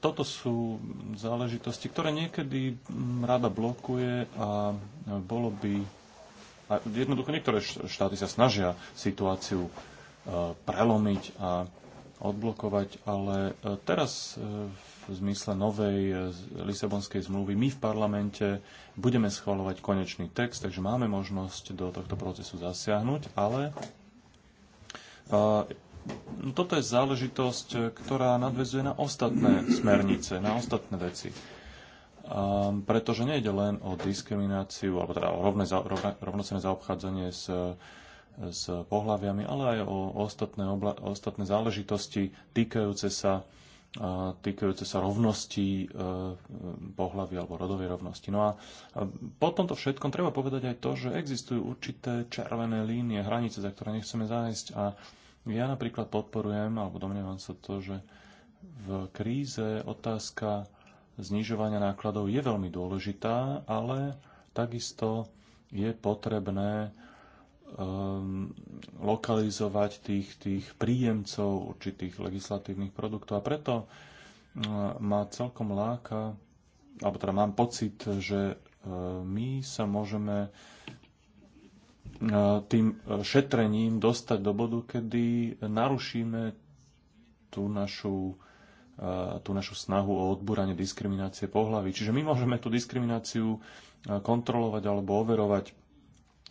toto sú záležitosti, ktoré niekedy rada blokuje a e, bolo by... A jednoducho niektoré štáty sa snažia situáciu e, prelomiť a odblokovať, ale e, teraz e, v zmysle novej e, Lisabonskej zmluvy my v parlamente budeme schvalovať konečný text, takže máme možnosť do tohto procesu zasiahnuť, ale No, toto je záležitosť, e, ktorá nadvezuje na ostatné smernice, na ostatné veci. Um, pretože nejde len o diskrimináciu, alebo teda o rovné, rovne, rovnocené zaobchádzanie s, e, s pohľaviami, ale aj o ostatné, obla, ostatné záležitosti týkajúce sa, uh, týkajúce sa rovnosti uh, pohľavy alebo rodovej rovnosti. No a, a po tomto všetkom treba povedať aj to, že existujú určité červené línie, hranice, za ktoré nechceme zájsť a uh, ja napríklad podporujem, alebo domnievam sa to, že v kríze otázka znižovania nákladov je veľmi dôležitá, ale takisto je potrebné um, lokalizovať tých, tých príjemcov určitých legislatívnych produktov. A preto um, ma celkom láka, alebo teda mám pocit, že um, my sa môžeme E, tým šetrením dostať do bodu, kedy narušíme tú našu, e, tú našu snahu o odbúranie diskriminácie pohlaví. Čiže my môžeme tú diskrimináciu e, kontrolovať alebo overovať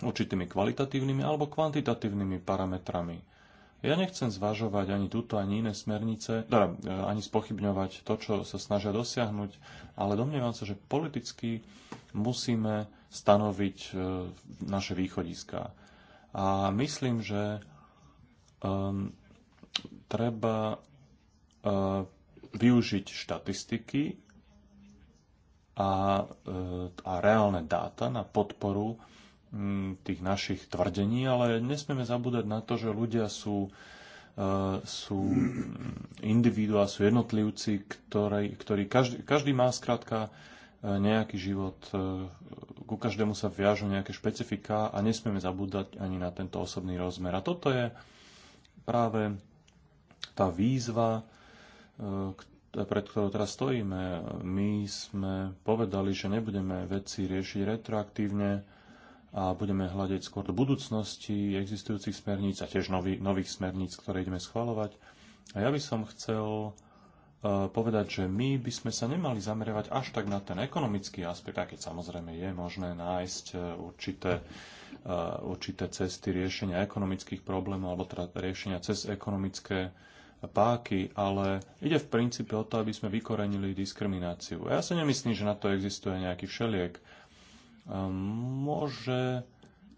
určitými kvalitatívnymi alebo kvantitatívnymi parametrami. Ja nechcem zvažovať ani túto, ani iné smernice, teda e, ani spochybňovať to, čo sa snažia dosiahnuť, ale domnievam sa, že politicky musíme stanoviť e, naše východiská. A myslím, že um, treba uh, využiť štatistiky a, uh, a reálne dáta na podporu Mm, tých našich tvrdení, ale nesmieme zabúdať na to, že ľudia sú, e, sú individuá, sú jednotlivci, ktorý ktorý každý, každý má zkrátka e, nejaký život, e, ku každému sa viažu nejaké špecifika a nesmieme zabúdať ani na tento osobný rozmer. A toto je práve tá výzva, pred ktorou teraz stojíme. My sme povedali, že nebudeme veci riešiť retroaktívne, a budeme hľadať skôr do budúcnosti existujúcich smerníc a tiež nový, nových smerníc, ktoré ideme schvalovať. A ja by som chcel e, povedať, že my by sme sa nemali zameriavať až tak na ten ekonomický aspekt, aj keď samozrejme je možné nájsť e, určité, e, určité cesty riešenia ekonomických problémov alebo teda riešenia cez ekonomické páky, ale ide v princípe o to, aby sme vykorenili diskrimináciu. A ja si nemyslím, že na to existuje nejaký všeliek Môže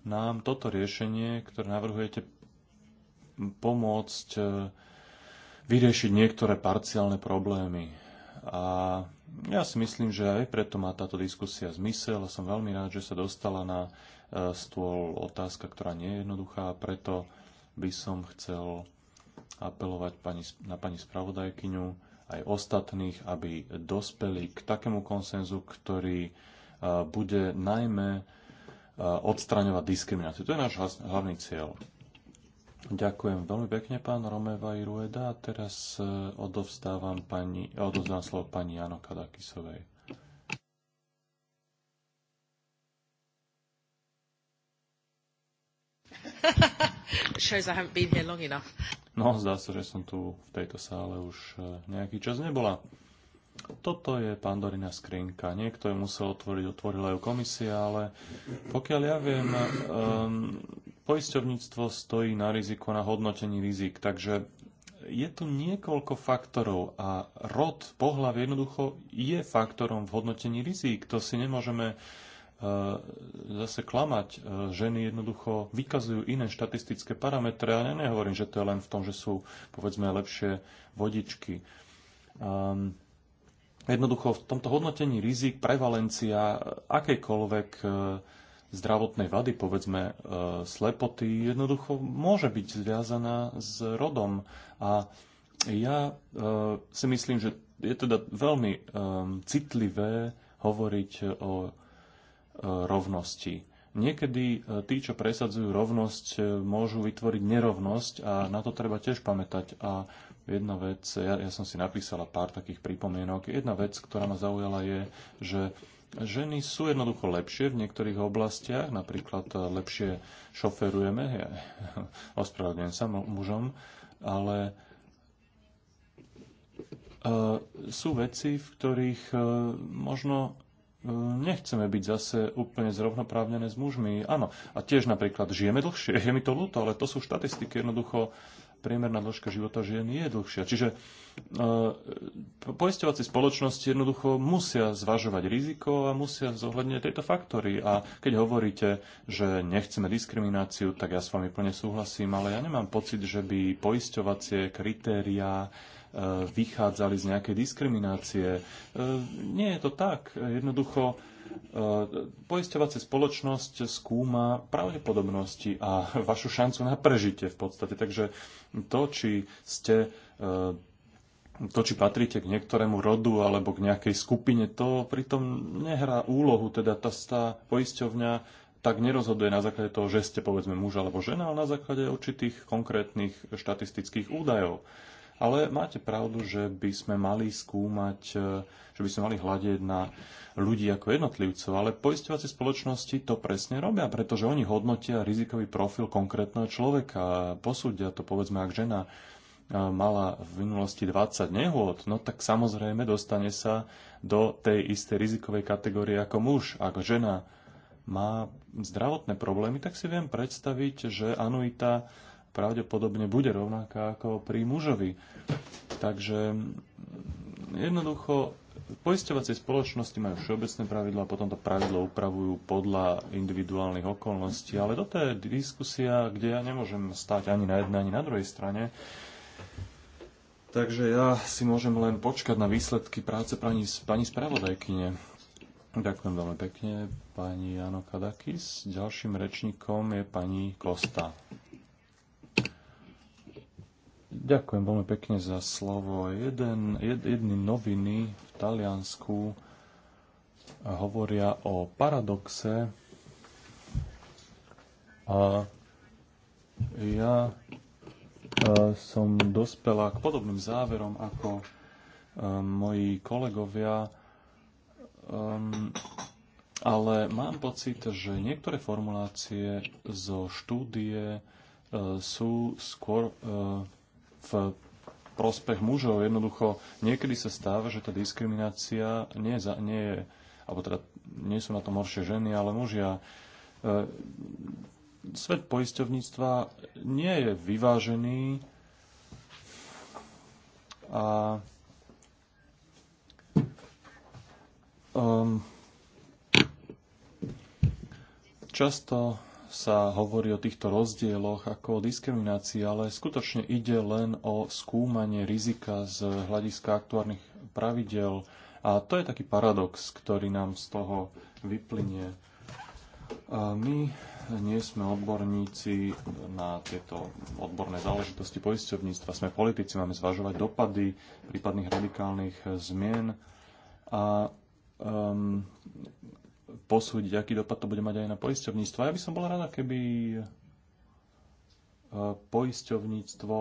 nám toto riešenie, ktoré navrhujete, pomôcť e, vyriešiť niektoré parciálne problémy. A ja si myslím, že aj preto má táto diskusia zmysel a som veľmi rád, že sa dostala na e, stôl otázka, ktorá nie je jednoduchá a preto by som chcel apelovať pani, na pani spravodajkyňu aj ostatných, aby dospeli k takému konsenzu, ktorý bude najmä odstraňovať diskrimináciu. To je náš hlavný cieľ. Ďakujem veľmi pekne, pán Romeva Irueda. A teraz e, odovzdávam, pani, odovzdávam slovo pani Jano Kadakisovej. No, zdá sa, že som tu v tejto sále už e, nejaký čas nebola. Toto je pandorina skrinka. Niekto ju musel otvoriť, otvorila ju komisia, ale pokiaľ ja viem, um, poisťovníctvo stojí na riziku, na hodnotení rizik, takže je tu niekoľko faktorov a rod, pohľav jednoducho je faktorom v hodnotení rizik. To si nemôžeme e, zase klamať. E, ženy jednoducho vykazujú iné štatistické parametre a ja nehovorím, že to je len v tom, že sú povedzme lepšie vodičky. Um, Jednoducho v tomto hodnotení rizik prevalencia e, akejkoľvek e, zdravotnej vady, povedzme e, slepoty, jednoducho môže byť zviazaná s rodom. A ja si myslím, že je teda veľmi citlivé hovoriť o rovnosti. Niekedy tí, čo presadzujú rovnosť, môžu vytvoriť nerovnosť a na to treba tiež pamätať. A Jedna vec, ja, ja som si napísala pár takých pripomienok. Jedna vec, ktorá ma zaujala, je, že ženy sú jednoducho lepšie v niektorých oblastiach, napríklad eh, lepšie šoferujeme, ja ospravedlňujem sa mužom, ale uh, sú veci, v ktorých uh, možno nechceme byť zase úplne zrovnoprávnené s mužmi. Áno, a tiež napríklad žijeme dlhšie, je mi to ľúto, ale to sú štatistiky jednoducho priemerná dĺžka života žien je dlhšia. Čiže e, poisťovacie spoločnosti jednoducho musia zvažovať riziko a musia zohľadniť tieto faktory. A keď hovoríte, že nechceme diskrimináciu, tak ja s vami plne súhlasím, ale ja nemám pocit, že by poisťovacie kritériá e, vychádzali z nejakej diskriminácie. E, nie je to tak. Jednoducho E, poisťovacia spoločnosť skúma pravdepodobnosti a vašu šancu na prežitie v podstate. Takže to, či ste e, to, či patríte k niektorému rodu alebo k nejakej skupine, to pritom nehrá úlohu, teda tá, tá poisťovňa tak nerozhoduje na základe toho, že ste povedzme muž alebo žena, ale na základe určitých konkrétnych štatistických údajov. Ale máte pravdu, že by sme mali skúmať, e, že by sme mali hľadiť na ľudí ako jednotlivcov, ale poisťovacie spoločnosti to presne robia, pretože oni hodnotia rizikový profil konkrétneho človeka, posúdia to povedzme, ak žena e, mala v minulosti 20 nehôd, no tak samozrejme dostane sa do tej istej rizikovej kategórie ako muž. Ak žena má zdravotné problémy, tak si viem predstaviť, že anuita pravdepodobne bude rovnaká ako pri mužovi. Takže jednoducho poisťovacie spoločnosti majú všeobecné pravidla a potom to pravidlo upravujú podľa individuálnych okolností. Ale toto je diskusia, kde ja nemôžem stať ani na jednej, ani na druhej strane. Takže ja si môžem len počkať na výsledky práce pani, pani spravodajkyne. Ďakujem veľmi pekne, pani Jano Kadakis. Ďalším rečníkom je pani Kosta. Ďakujem veľmi pekne za slovo. Jeden, jed, jedny noviny v Taliansku hovoria o paradoxe a ja som dospela k podobným záverom ako moji kolegovia, um, ale mám pocit, že niektoré formulácie zo štúdie e, sú skôr e, v prospech mužov. Jednoducho niekedy sa stáva, že tá diskriminácia nie, za, nie je, alebo teda nie sú na tom horšie ženy, ale mužia. E, svet poisťovníctva nie je vyvážený a um, často sa hovorí o týchto rozdieloch ako o diskriminácii, ale skutočne ide len o skúmanie rizika z hľadiska aktuárnych pravidel. A to je taký paradox, ktorý nám z toho vyplynie. A my nie sme odborníci na tieto odborné záležitosti poisťovníctva. Sme politici, máme zvažovať dopady prípadných radikálnych zmien a um, posúdiť, aký dopad to bude mať aj na poisťovníctvo. Ja by som bola rada, keby e, poisťovníctvo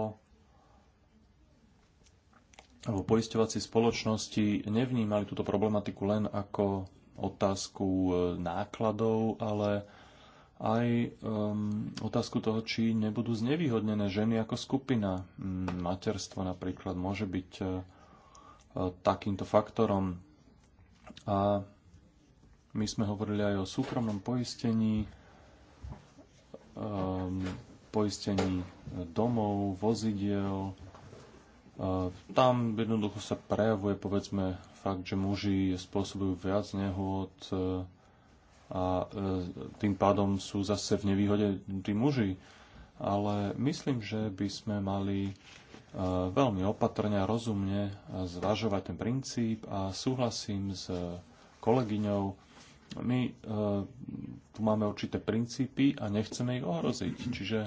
alebo poisťovacie spoločnosti nevnímali túto problematiku len ako otázku e, nákladov, ale aj um, otázku toho, či nebudú znevýhodnené ženy ako skupina. Mm, materstvo napríklad môže byť uh, takýmto faktorom. A my sme hovorili aj o súkromnom poistení, ehm, poistení domov, vozidiel. Ehm, tam jednoducho sa prejavuje, povedzme, fakt, že muži spôsobujú viac nehôd e, a e, tým pádom sú zase v nevýhode tí muži. Ale myslím, že by sme mali e, veľmi opatrne a rozumne zvažovať ten princíp a súhlasím s kolegyňou, my e, tu máme určité princípy a nechceme ich ohroziť. Čiže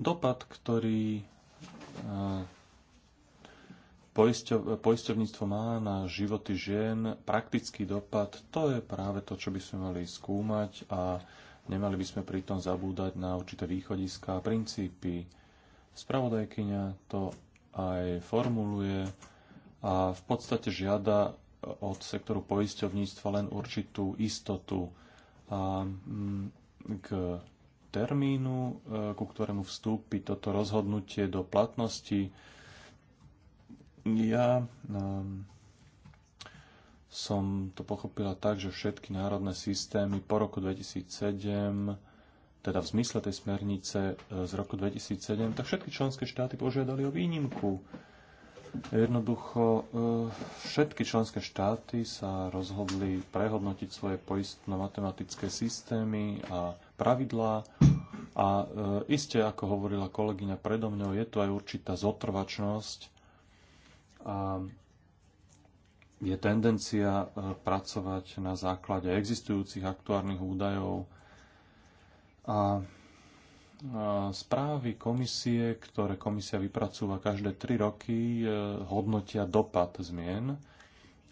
dopad, ktorý e, poisťov, poisťovníctvo má na životy žien, praktický dopad, to je práve to, čo by sme mali skúmať a nemali by sme pritom zabúdať na určité východiska a princípy. Spravodajkyňa to aj formuluje a v podstate žiada eh, od sektoru poisťovníctva len určitú istotu mm, k termínu, eh, ku ktorému vstúpi toto rozhodnutie do platnosti. Ja ehm, som to pochopila tak, že všetky národné systémy po roku 2007, teda v zmysle tej smernice eh, z roku 2007, tak všetky členské štáty požiadali o výnimku Jednoducho e, všetky členské štáty sa rozhodli prehodnotiť svoje poistno-matematické systémy a pravidlá a e, iste, ako hovorila kolegyňa predo mňou, je tu aj určitá zotrvačnosť a je tendencia e, pracovať na základe existujúcich aktuárnych údajov a správy komisie, ktoré komisia vypracúva každé 3 roky, e, hodnotia dopad zmien e,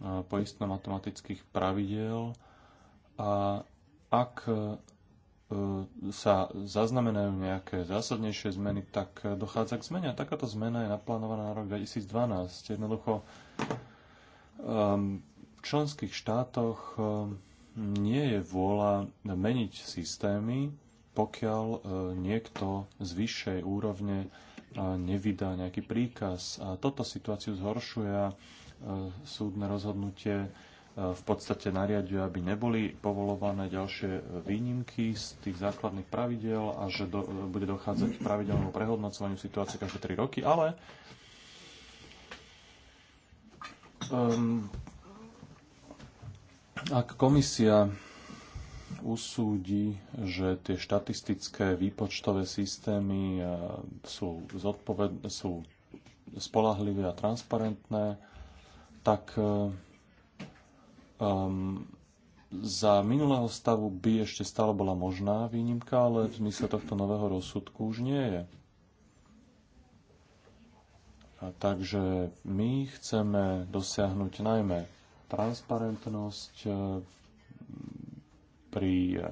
poistno-matematických pravidel a ak e, sa zaznamenajú nejaké zásadnejšie zmeny, tak dochádza k zmene. A takáto zmena je naplánovaná na rok 2012. Jednoducho ehm, v členských štátoch ehm, nie je vôľa meniť systémy, pokiaľ e, niekto z vyššej úrovne e, nevydá nejaký príkaz. A toto situáciu zhoršuje a e, súdne rozhodnutie v podstate nariaduje, aby neboli povolované ďalšie výnimky z tých základných pravidel a že do, bude dochádzať k pravidelnému prehodnocovaniu situácie každé 3 roky, ale um, ak komisia usúdi, že tie štatistické výpočtové systémy eh, sú, zodpoved- sú spolahlivé a transparentné, tak um, za minulého stavu by ešte stále bola možná výnimka, ale v zmysle tohto nového rozsudku už nie je. A takže my chceme dosiahnuť najmä transparentnosť eh, pri eh,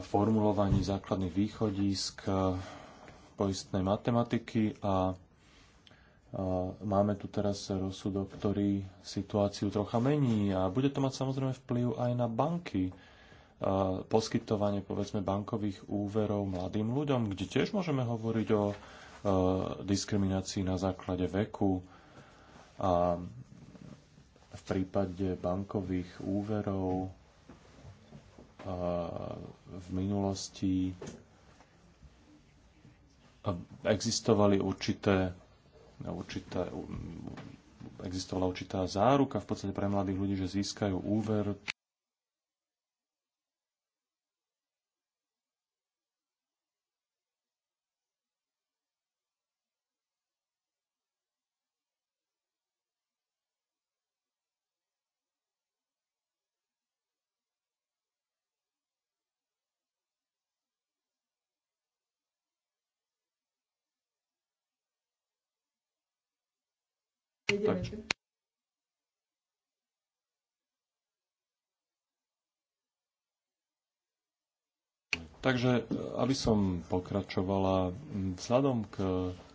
formulovaní základných východísk eh, poistnej matematiky a eh, máme tu teraz rozsudok, ktorý situáciu trocha mení a bude to mať samozrejme vplyv aj na banky. Poskytovanie povedzme bankových úverov mladým ľuďom, kde tiež môžeme hovoriť o diskriminácii na základe veku a v prípade bankových úverov v minulosti existovali určité, určité existovala určitá záruka v podstate pre mladých ľudí, že získajú úver tak. Takže, e, aby som pokračovala, vzhľadom k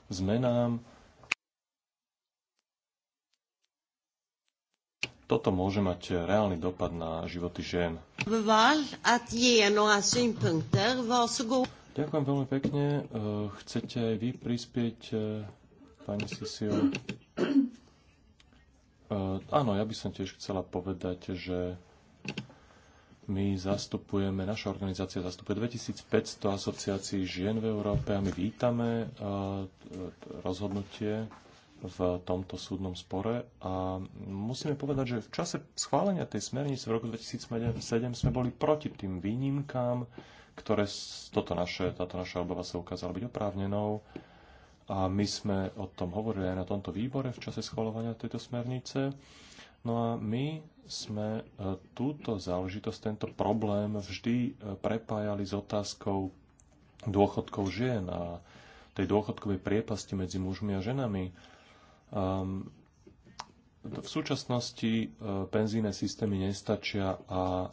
zmenám, toto môže mať reálny dopad na životy žien. Er Ďakujem veľmi pekne. E, chcete vy prispieť, e, pani Sisio? Eh, áno, ja by som tiež chcela povedať, že my zastupujeme, naša organizácia zastupuje 2500 asociácií žien v Európe a my vítame eh, rozhodnutie v tomto súdnom spore a musíme povedať, že v čase schválenia tej smernice v roku 2007 sme boli proti tým výnimkám, ktoré toto naše, táto naša obava sa ukázala byť oprávnenou a my sme o tom hovorili aj na tomto výbore v čase schvalovania tejto smernice. No a my sme e, túto záležitosť, tento problém vždy e, prepájali s otázkou dôchodkov žien a tej dôchodkovej priepasti medzi mužmi a ženami. Ehm, v súčasnosti e, penzíne systémy nestačia a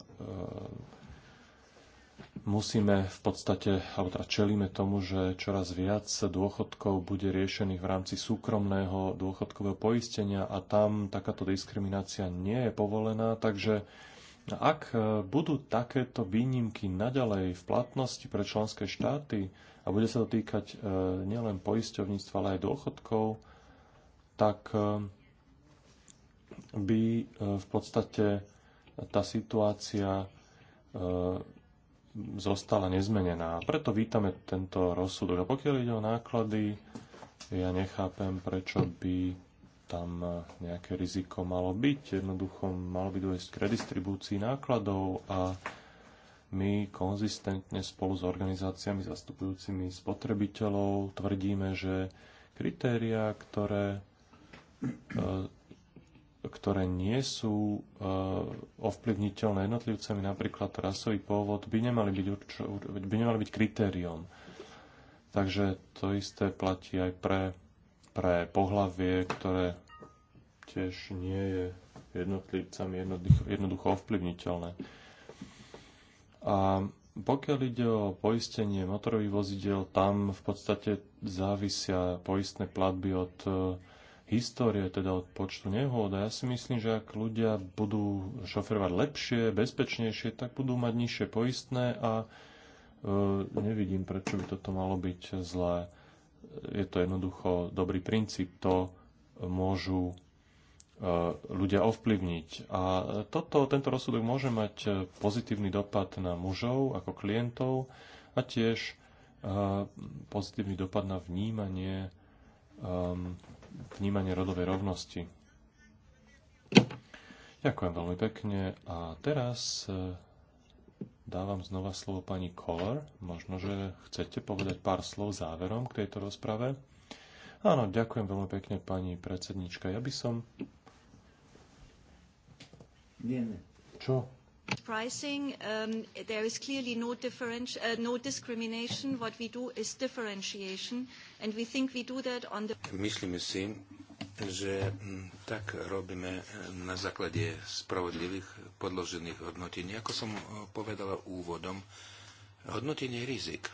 musíme v podstate, alebo teda čelíme tomu, že čoraz viac dôchodkov bude riešených v rámci súkromného dôchodkového poistenia a tam takáto diskriminácia nie je povolená, takže ak e, budú takéto výnimky naďalej v platnosti pre členské štáty a bude sa to týkať e, nielen poisťovníctva, ale aj dôchodkov, tak e, by v podstate tá situácia zostala nezmenená. Preto vítame tento rozsudok. A pokiaľ ide o náklady, ja nechápem, prečo by tam nejaké riziko malo byť. Jednoducho malo by dojsť k redistribúcii nákladov a my konzistentne spolu s organizáciami zastupujúcimi spotrebiteľov tvrdíme, že kritériá, ktoré e, ktoré nie sú e, ovplyvniteľné jednotlivcami, napríklad rasový pôvod, by nemali byť, by nemali byť kritériom. Takže to isté platí aj pre, pre pohlavie, ktoré tiež nie je jednotlivcami jednoducho, jednoducho ovplyvniteľné. A pokiaľ ide o poistenie motorových vozidel, tam v podstate závisia poistné platby od histórie, teda od počtu nehôd. A ja si myslím, že ak ľudia budú šoferovať lepšie, bezpečnejšie, tak budú mať nižšie poistné a e, nevidím, prečo by toto malo byť zlé. Je to jednoducho dobrý princíp, to môžu e, ľudia ovplyvniť. A toto, tento rozsudok môže mať pozitívny dopad na mužov ako klientov a tiež e, pozitívny dopad na vnímanie ehm, vnímanie rodovej rovnosti. Ďakujem veľmi pekne. A teraz e, dávam znova slovo pani Koller. Možno, že chcete povedať pár slov záverom k tejto rozprave. Áno, ďakujem veľmi pekne, pani predsednička. Ja by som... Nie, nie. Čo? Pricing, um, there is clearly no, uh, no discrimination. What we do is differentiation. And we think we do that on the... Myslíme si, že mm, tak robíme e, na základe spravodlivých podložených hodnotení. Ako som e, povedala úvodom, hodnotenie rizik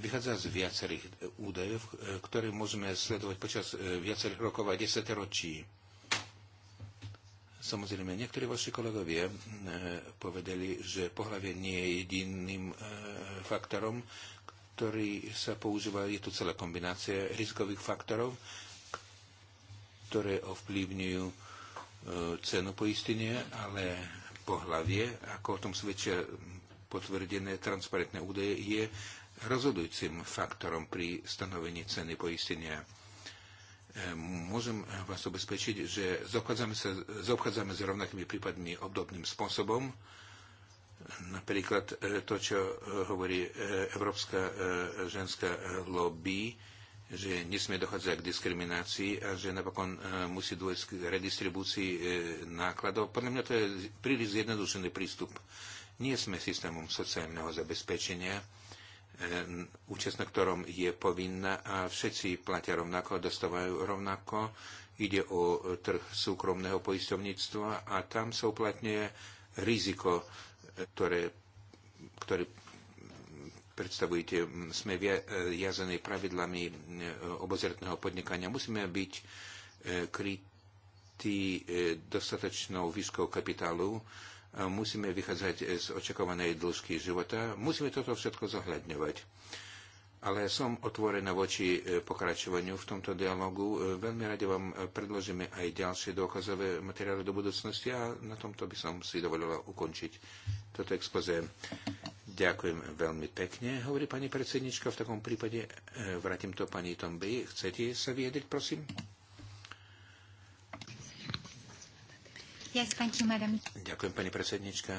vychádza z viacerých e, údajov, ktoré môžeme sledovať počas viacerých rokov a desaťročí. Samozrejme, niektorí vaši kolegovia povedali, že pohľavie nie je jediným faktorom, ktorý sa používa. Je tu celá kombinácia rizikových faktorov, ktoré ovplyvňujú e, cenu poistenia, ale hlavie, ako o tom svedčia potvrdené transparentné údaje, je rozhodujúcim faktorom pri stanovení ceny poistenia e, môžem vás ubezpečiť, že zobchádzame, sa, zobchádzame s rovnakými prípadmi obdobným spôsobom Napríklad e, to, čo e, hovorí e, Európska ženská lobby, že nesmie dochádzať k diskriminácii a že napokon musí dôjsť k redistribúcii nákladov. Podľa mňa to je príliš zjednodušený prístup. Nie sme systémom sociálneho zabezpečenia, účasť na ktorom je povinná a všetci platia rovnako, dostávajú rovnako. Ide o trh súkromného poisťovníctva a tam sa uplatňuje riziko ktoré, ktoré predstavujete, sme e, viazaní pravidlami e, obozretného podnikania. Musíme byť e, krytí dostatočnou výskou kapitálu, musíme vychádzať z očakovanej dĺžky života, musíme toto všetko zohľadňovať ale som otvorená voči e, pokračovaniu v tomto dialogu. E, veľmi rade vám e, predložíme aj ďalšie dôkazové materiály do budúcnosti a na tomto by som si dovolila ukončiť toto expoze. Ďakujem veľmi pekne, hovorí pani predsednička. V takom prípade vrátim to pani Tomby. Chcete sa vyjadriť, prosím? Yes, thank you, madam. Ďakujem, pani predsednička.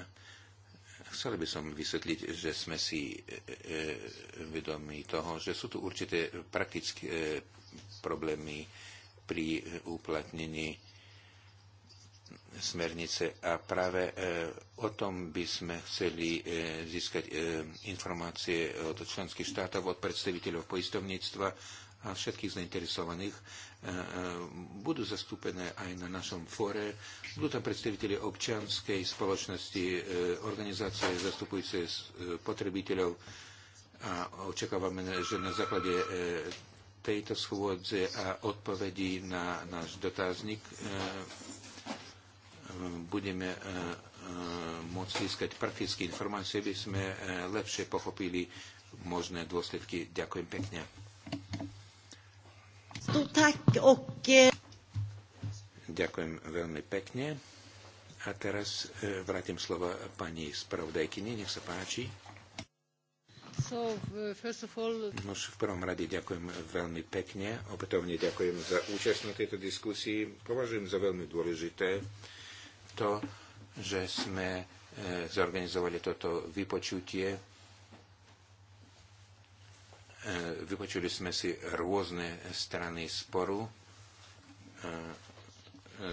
Chcel by som vysvetliť, že sme si e, e, vedomi toho, že sú tu určité praktické e, problémy pri uplatnení smernice a práve o tom by sme chceli získať informácie od členských štátov, od predstaviteľov poistovníctva, a všetkých zainteresovaných. E, e, budú zastúpené aj na našom fóre. Budú tam predstaviteľi občianskej spoločnosti, e, organizácie zastupujúce spotrebiteľov a očakávame, že na základe tejto schôdze a odpovedí na náš dotazník budeme môcť získať praktické informácie, aby sme lepšie pochopili možné dôsledky. Ďakujem pekne. Stort tack och... Ďakujem veľmi pekne. A teraz e, vrátim slovo pani spravodajkyni. Nech sa páči. So, all... Nož v prvom rade ďakujem veľmi pekne. Opätovne ďakujem za účasť na tejto diskusii. Považujem za veľmi dôležité to, že sme e, zorganizovali toto vypočutie E, vypočuli sme si rôzne strany sporu. E,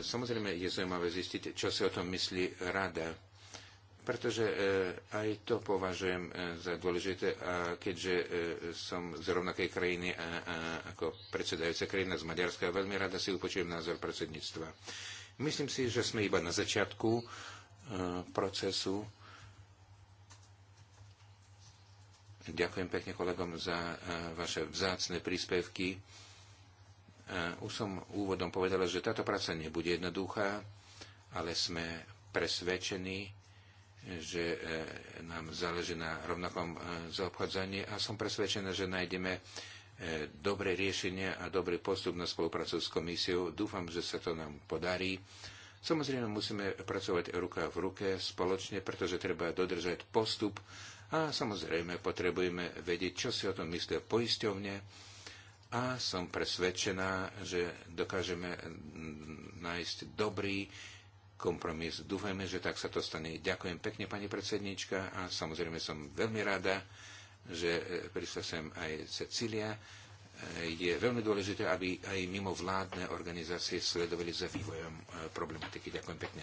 samozrejme je zaujímavé zistiť, čo si o tom myslí rada, pretože e, aj to považujem za dôležité, a keďže som z rovnakej krajiny ako predsedajúca krajina z Maďarska, veľmi rada si upočujem názor predsedníctva. Myslím si, že sme iba na začiatku procesu Ďakujem pekne kolegom za e, vaše vzácne príspevky. E, už som úvodom povedala, že táto práca nebude jednoduchá, ale sme presvedčení, že e, nám záleží na rovnakom zaobchádzaní a som presvedčená, že nájdeme dobré riešenie a dobrý postup na spoluprácu s komisiou. Dúfam, že sa to nám podarí. Samozrejme, musíme pracovať ruka v ruke spoločne, pretože treba dodržať postup a samozrejme potrebujeme vedieť, čo si o tom myslia poisťovne. A som presvedčená, že dokážeme nájsť dobrý kompromis. Dúfajme, že tak sa to stane. Ďakujem pekne, pani predsednička. A samozrejme som veľmi rada, že prišla sem aj Cecília. Je veľmi dôležité, aby aj mimovládne organizácie sledovali za vývojom eh, problematiky. Ďakujem pekne.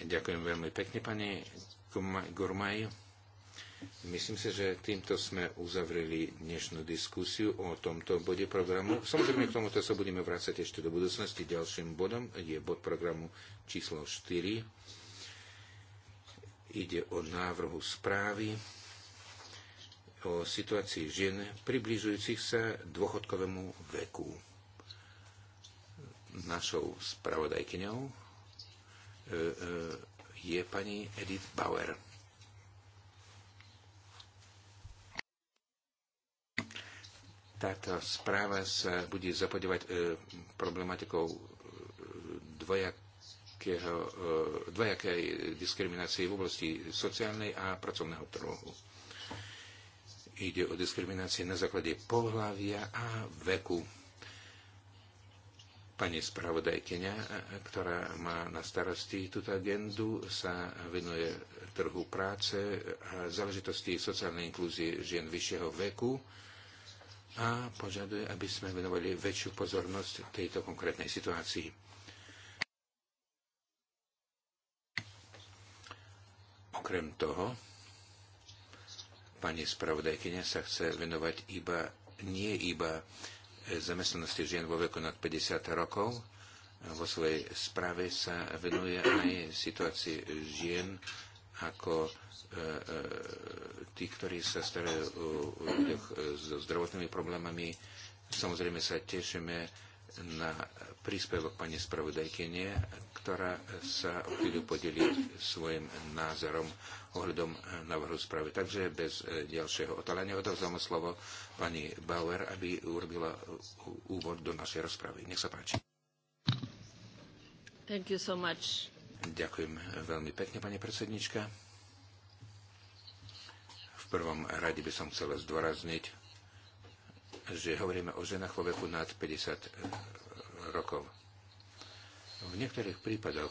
Ďakujem veľmi pekne, pani Gurmaj. Myslím si, že týmto sme uzavreli dnešnú diskusiu o tomto bode programu. Samozrejme, k tomuto sa budeme vrácať ešte do budúcnosti. Ďalším bodom je bod programu číslo 4. Ide o návrhu správy o situácii žien približujúcich sa dôchodkovému veku. Našou spravodajkyňou E, e, je pani Edith Bauer. Táto správa sa bude zapodievať e, problematikou dvojakého, dvojakej diskriminácie v oblasti sociálnej a pracovného trhu. Ide o diskriminácie na základe pohlavia a veku Pani spravodajkenia, ktorá má na starosti túto agendu, sa venuje trhu práce a záležitosti sociálnej inklúzie žien vyššieho veku a požaduje, aby sme venovali väčšiu pozornosť tejto konkrétnej situácii. Okrem toho, pani spravodajkenia sa chce venovať iba, nie iba zamestnanosti žien vo veku nad 50 rokov. Vo svojej správe sa venuje aj situácii žien ako e, e, tí, ktorí sa starajú o ľuďoch so zdravotnými problémami. Samozrejme sa tešíme na príspevok pani spravodajkyne, ktorá sa o chvíľu podelí svojim názorom ohľadom návrhu správy. Takže bez e, ďalšieho otáľania odovzdám slovo pani Bauer, aby urobila úvod do našej rozpravy. Nech sa páči. Thank you so much. Ďakujem veľmi pekne, pani predsednička. V prvom rade by som chcela zdôrazniť, že hovoríme o ženách vo veku nad 50 e, rokov. V niektorých prípadoch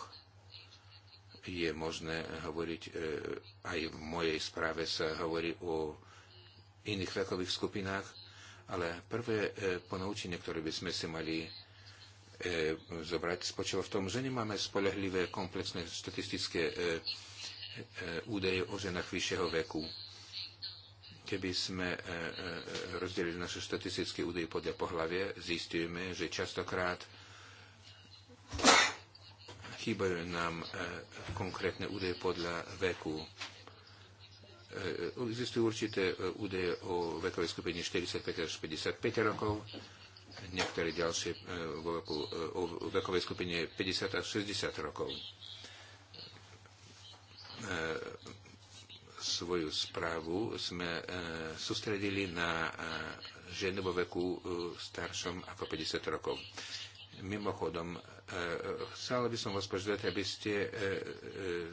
je možné hovoriť, e, aj v mojej správe sa hovorí o iných vekových skupinách, ale prvé e, ponaučenie, ktoré by sme si mali zobrať, spočíva v tom, že nemáme spolehlivé komplexné štatistické údaje o ženách vyššieho veku. Keby sme e, e, e, rozdelili naše štatistické údaje podľa pohlavie, zistujeme, že častokrát chýbajú nám konkrétne údaje podľa veku. Existujú určité údaje o vekovej skupine 45 až 55 rokov, niektoré ďalšie vo veku, o vekovej skupine 50 až 60 rokov svoju správu sme e, sústredili na e, ženy vo veku e, staršom ako 50 rokov. Mimochodom, chcel by som vás požiadať, aby ste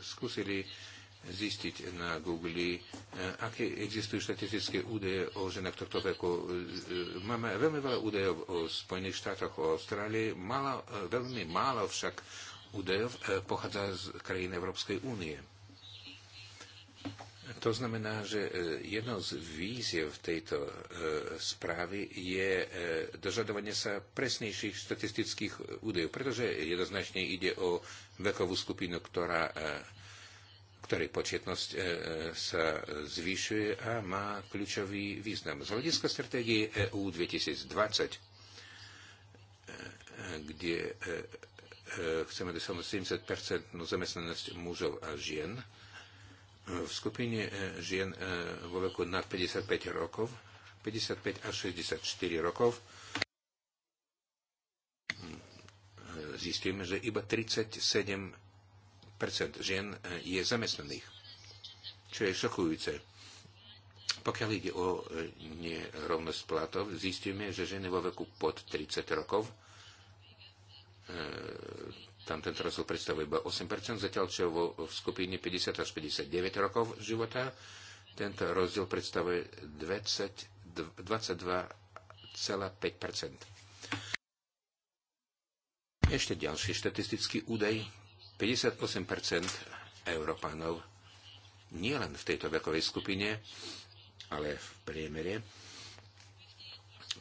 skúsili zistiť na Google, aké existujú štatistické údaje o ženách tohto veku. Máme veľmi veľa údajov o Spojených štátoch, o Austrálii, e, veľmi málo však údajov pochádza z krajín Európskej únie. To znamená, že e, jednou z víziev tejto e, správy je e, dožadovanie sa presnejších štatistických údajov, pretože jednoznačne ide o vekovú skupinu, ktorá ktorej početnosť sa zvyšuje a má kľúčový význam. Z hľadiska stratégie EU 2020, kde chceme dosiahnuť 70% no, zamestnanosť mužov a žien, v skupine e, žien e, vo veku nad 55 rokov, 55 až 64 rokov, e, zistíme, že iba 37 žien je zamestnaných, čo je šokujúce. Pokiaľ ide o nerovnosť platov, zistíme, že ženy vo veku pod 30 rokov tam tento rozdiel predstavuje iba 8%, zatiaľ čo vo, v skupine 50 až 59 rokov života tento rozdiel predstavuje 22,5%. Ešte ďalší štatistický údaj. 58% Európanov nielen v tejto vekovej skupine, ale v priemere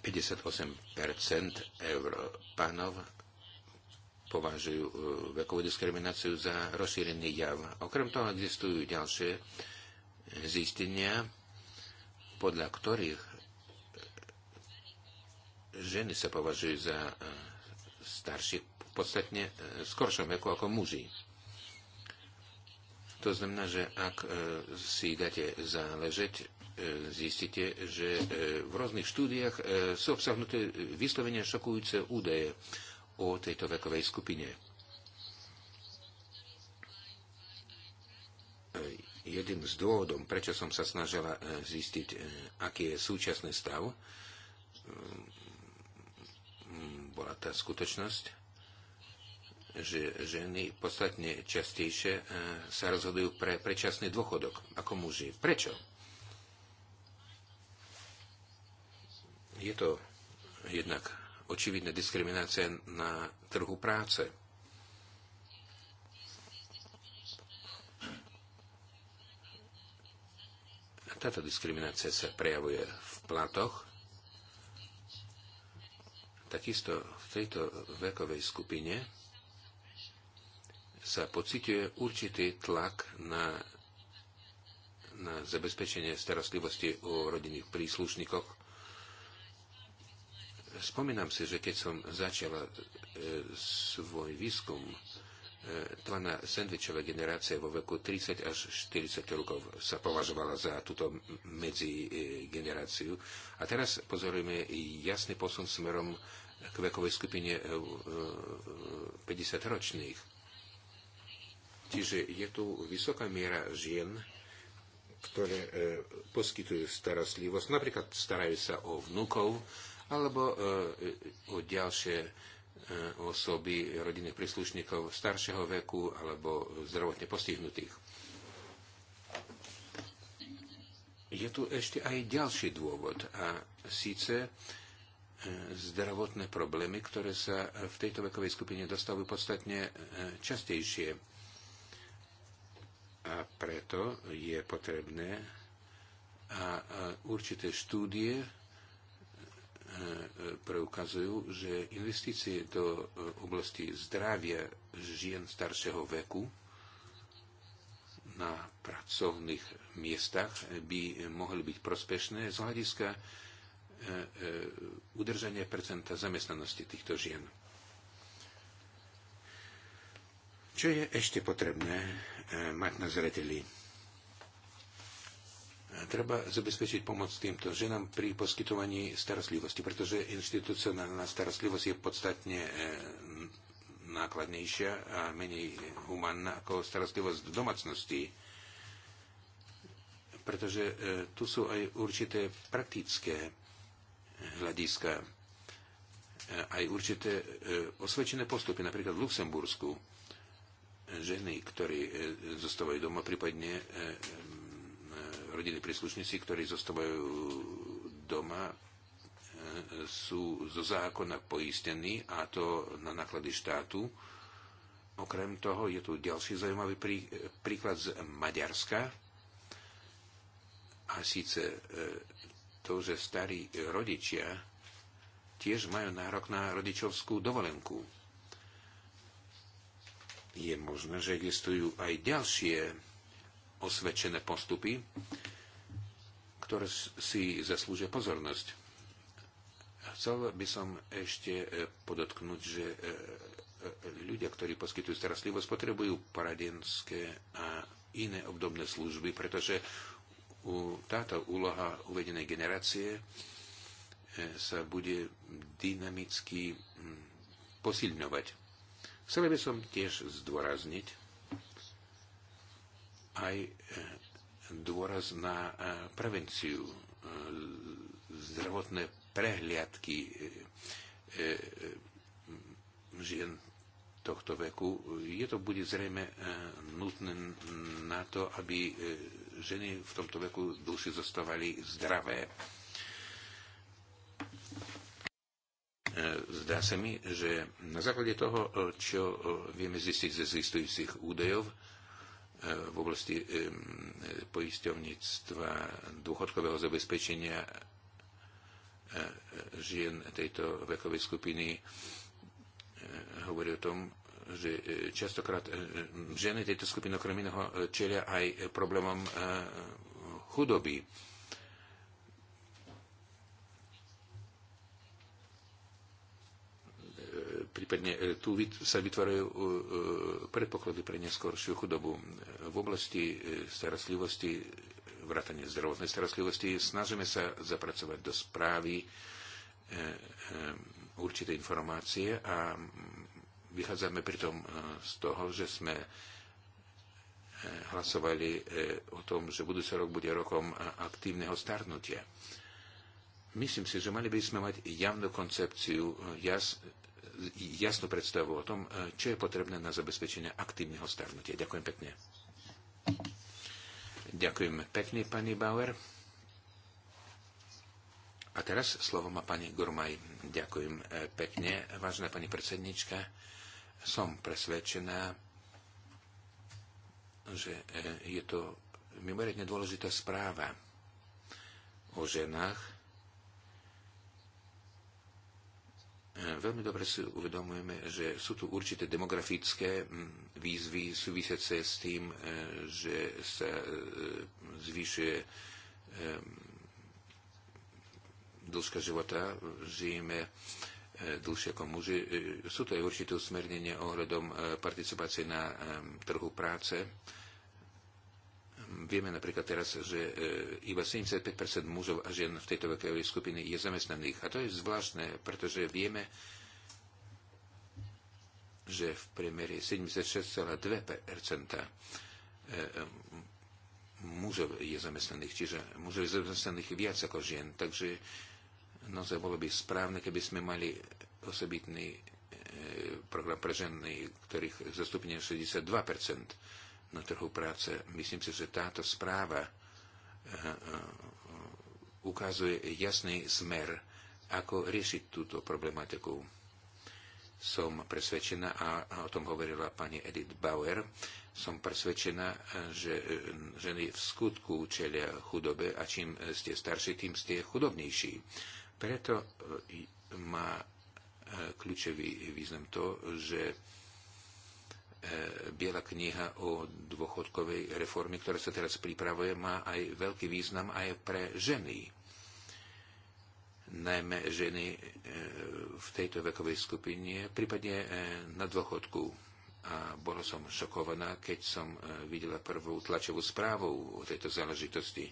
58% Európanov považujú e, vekovú diskrimináciu za rozšírený jav. Okrem toho existujú ďalšie zistenia, podľa ktorých ženy sa považujú za e, starších v podstatne e, skoršom veku ako muži. To znamená, že ak si dáte záležeť, zistíte, že v rôznych štúdiách sú obsahnuté vyslovene šokujúce údaje o tejto vekovej skupine. Jedným z dôvodom, prečo som sa snažila e, zistiť, e, aký je súčasný stav, e, bola tá skutočnosť, že ženy podstatne častejšie sa rozhodujú pre predčasný dôchodok ako muži. Prečo? Je to jednak očividné diskriminácie na trhu práce. táto diskriminácia sa prejavuje v platoch, takisto v tejto vekovej skupine sa pociťuje určitý tlak na, na zabezpečenie starostlivosti o rodinných príslušníkoch Spomínam si, že keď som začala e, svoj výskum, e, tlana sandvičová generácia vo veku 30 až 40 rokov sa považovala za túto e, generáciu. A teraz pozorujeme jasný posun smerom k vekovej skupine 50-ročných. Čiže je tu vysoká miera žien, ktoré poskytujú starostlivosť. Napríklad starajú sa o vnúkov, alebo eh, o ďalšie eh, osoby, rodinných príslušníkov staršieho veku alebo zdravotne postihnutých. Je tu ešte aj ďalší dôvod a síce eh, zdravotné problémy, ktoré sa v tejto vekovej skupine dostavujú podstatne častejšie. A preto je potrebné a určité štúdie preukazujú, že investície do eh, oblasti zdravia žien staršieho veku na pracovných miestach by mohli byť prospešné z hľadiska eh, eh, udržania percenta zamestnanosti týchto žien. Čo je ešte potrebné mať na zreteli? Treba zabezpečiť pomoc týmto ženám pri poskytovaní starostlivosti, pretože inštitucionálna starostlivosť je podstatne e, nákladnejšia a menej humánna ako starostlivosť v domácnosti pretože e, tu sú aj určité praktické e, hľadiska, aj určité osvedčené postupy, napríklad v Luxembursku. Ženy, ktorí zostávajú doma, prípadne rodiny príslušníci, ktorí zostávajú doma, e, sú zo zákona poistení a to na náklady štátu. Okrem toho je tu ďalší zaujímavý prí, príklad z Maďarska. A síce e, to, že starí rodičia tiež majú nárok na rodičovskú dovolenku. Je možné, že existujú aj ďalšie osvedčené postupy, ktoré si zaslúžia pozornosť. Chcel by som ešte e, podotknúť, že e, e, ľudia, ktorí poskytujú starostlivosť, potrebujú poradenské a iné obdobné služby, pretože táto úloha uvedenej generácie sa bude dynamicky mm, posilňovať. Chcel by som tiež zdôrazniť, aj e, dôraz na e, prevenciu, e, zdravotné prehliadky žien tohto veku. Je to bude zrejme nutné na to, aby ženy v tomto veku duši zostávali zdravé. Zdá sa mi, že na základe toho, čo vieme zistiť ze zistujúcich údajov, v oblasti poisťovníctva, dôchodkového zabezpečenia e, e, žien tejto vekovej skupiny e, hovorí o tom, že častokrát ženy tejto skupiny okrem iného čelia aj problémom chudoby. prípadne e, tu sa vytvárajú e, e, predpoklady pre neskôršiu chudobu. V oblasti starostlivosti, vrátane zdravotnej starostlivosti, snažíme sa zapracovať do správy určité informácie a vychádzame pritom z toho, že sme hlasovali o tom, že budúci rok bude rokom aktívneho starnutia. Myslím si, že mali by sme mať javnú koncepciu, jas, jasnú predstavu o tom, e, čo je potrebné na zabezpečenie aktívneho starnutia. Ďakujem pekne. Ďakujem pekne, pani Bauer. A teraz slovo má pani Gurmaj. Ďakujem e, pekne, vážená pani predsednička. Som presvedčená, že e, je to mimoriadne dôležitá správa o ženách, Eh, veľmi dobre si uvedomujeme, že sú tu určité demografické mm, výzvy súvisiace s tým, eh, že sa eh, zvyšuje dĺžka života, žijeme dlhšie ako muži. Sú to aj určité usmernenie ohľadom participácie na trhu práce Vieme napríklad teraz, že e, iba 75 mužov a žien v tejto vekovej skupine je zamestnaných. A to je zvláštne, pretože vieme, že v priemere 76,2 e, e, mužov je zamestnaných, čiže mužov je zamestnaných viac ako žien. Takže naozaj bolo by správne, keby sme mali osobitný program pre ženy, ktorých zastupne 62 na trhu práce. Myslím si, že táto správa eh, eh, ukazuje jasný smer, ako riešiť túto problematiku. Som presvedčená, a o tom hovorila pani Edith Bauer, som presvedčená, že eh, ženy v skutku čelia chudobe a čím ste starší, tým ste chudobnejší. Preto má kľúčový význam to, že Eh, Biela kniha o dôchodkovej reforme, ktorá sa teraz pripravuje, má aj veľký význam aj pre ženy. Najmä ženy eh, v tejto vekovej skupine, prípadne eh, na dôchodku. A bola som šokovaná, keď som videla prvú tlačovú správu o tejto záležitosti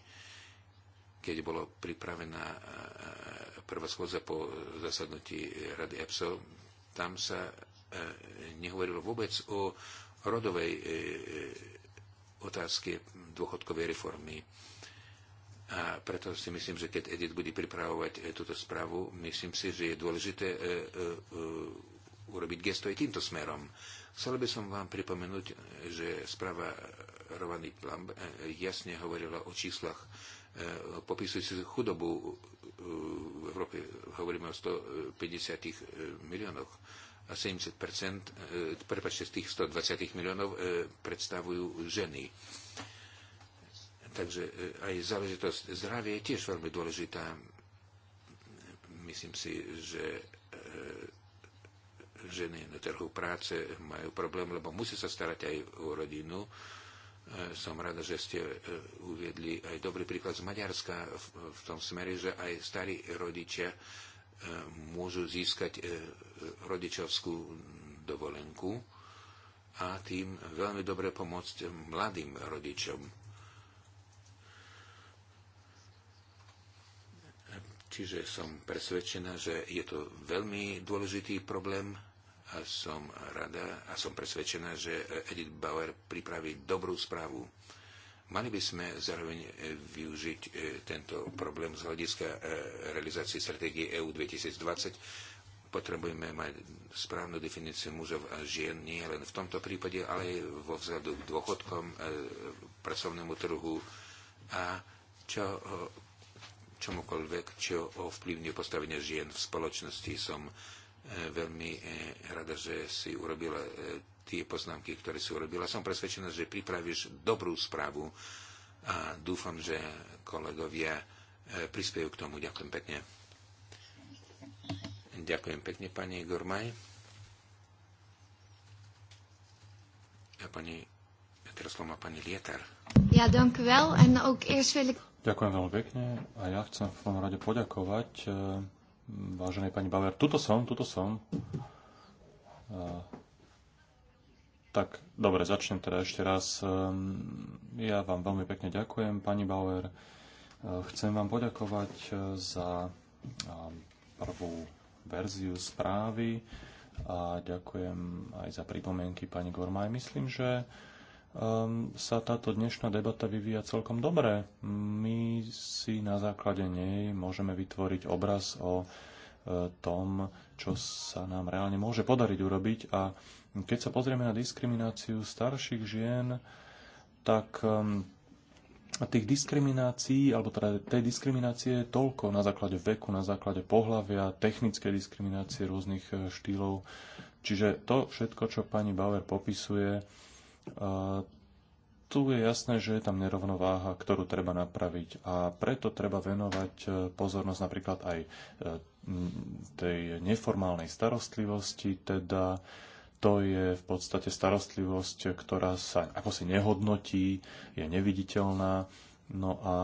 keď bolo pripravená prvá schôdza po zasadnutí Rady EPSO, tam sa E, nehovoril vôbec o rodovej e, e, otázke dôchodkovej reformy. A preto si myslím, že keď Edith bude pripravovať túto správu, myslím si, že je dôležité urobiť gesto aj týmto smerom. Chcel by som vám pripomenúť, že správa Rovaný Plamb jasne hovorila o číslach popisujúcich chudobu v Európe. Hovoríme o 150 miliónoch 70 e, prepačte, z tých 120 miliónov e, predstavujú ženy. Takže e, aj záležitosť zdravia je tiež veľmi dôležitá. Myslím si, že ženy na trhu práce majú problém, lebo musí sa starať aj o rodinu. Som rada, že ste uviedli aj dobrý príklad z Maďarska v tom smere, že aj starí rodičia E, môžu získať e, rodičovskú dovolenku a tým veľmi dobre pomôcť mladým rodičom. Čiže som presvedčená, že je to veľmi dôležitý problém a som rada a som presvedčená, že Edith Bauer pripraví dobrú správu. Mali by sme zároveň e, využiť e, tento problém z hľadiska e, realizácie stratégie EU 2020. Potrebujeme mať správnu definíciu mužov a žien nie len v tomto prípade, ale aj vo vzhľadu k dôchodkom, pracovnému trhu a čo, čomukoľvek, čo ovplyvňuje postavenie žien v spoločnosti. Som veľmi rada, že si urobila tie poznámky, ktoré si urobila. Som presvedčená, že pripravíš dobrú správu a dúfam, že kolegovia e, prispiejú k tomu. Ďakujem pekne. Ďakujem pekne, pani Gormaj. A pani, teraz má pani Lietar. Ja, dank wel. En ook eerst wil Ďakujem veľmi pekne a ja chcem v prvom rade poďakovať e, váženej pani Bauer. Tuto som, tuto som. A e, tak, dobre, začnem teda ešte raz. Ehm, ja vám veľmi pekne ďakujem, pani Bauer. Ehm, chcem vám poďakovať ehm, za prvú verziu správy a ďakujem aj za pripomienky pani Gormaj. Myslím, že sa táto dnešná debata vyvíja celkom dobre. My si na základe nej môžeme vytvoriť obraz o e, tom, čo sa nám reálne môže podariť urobiť a keď sa pozrieme na diskrimináciu starších žien, tak um, tých diskriminácií, alebo teda tej diskriminácie je toľko na základe veku, na základe pohľavia, technické diskriminácie rôznych e, štýlov. Čiže to všetko, čo pani Bauer popisuje, e, tu je jasné, že je tam nerovnováha, ktorú treba napraviť. A preto treba venovať e, pozornosť napríklad aj tej neformálnej starostlivosti, teda to je v podstate starostlivosť, ktorá sa ako si nehodnotí, je neviditeľná. No a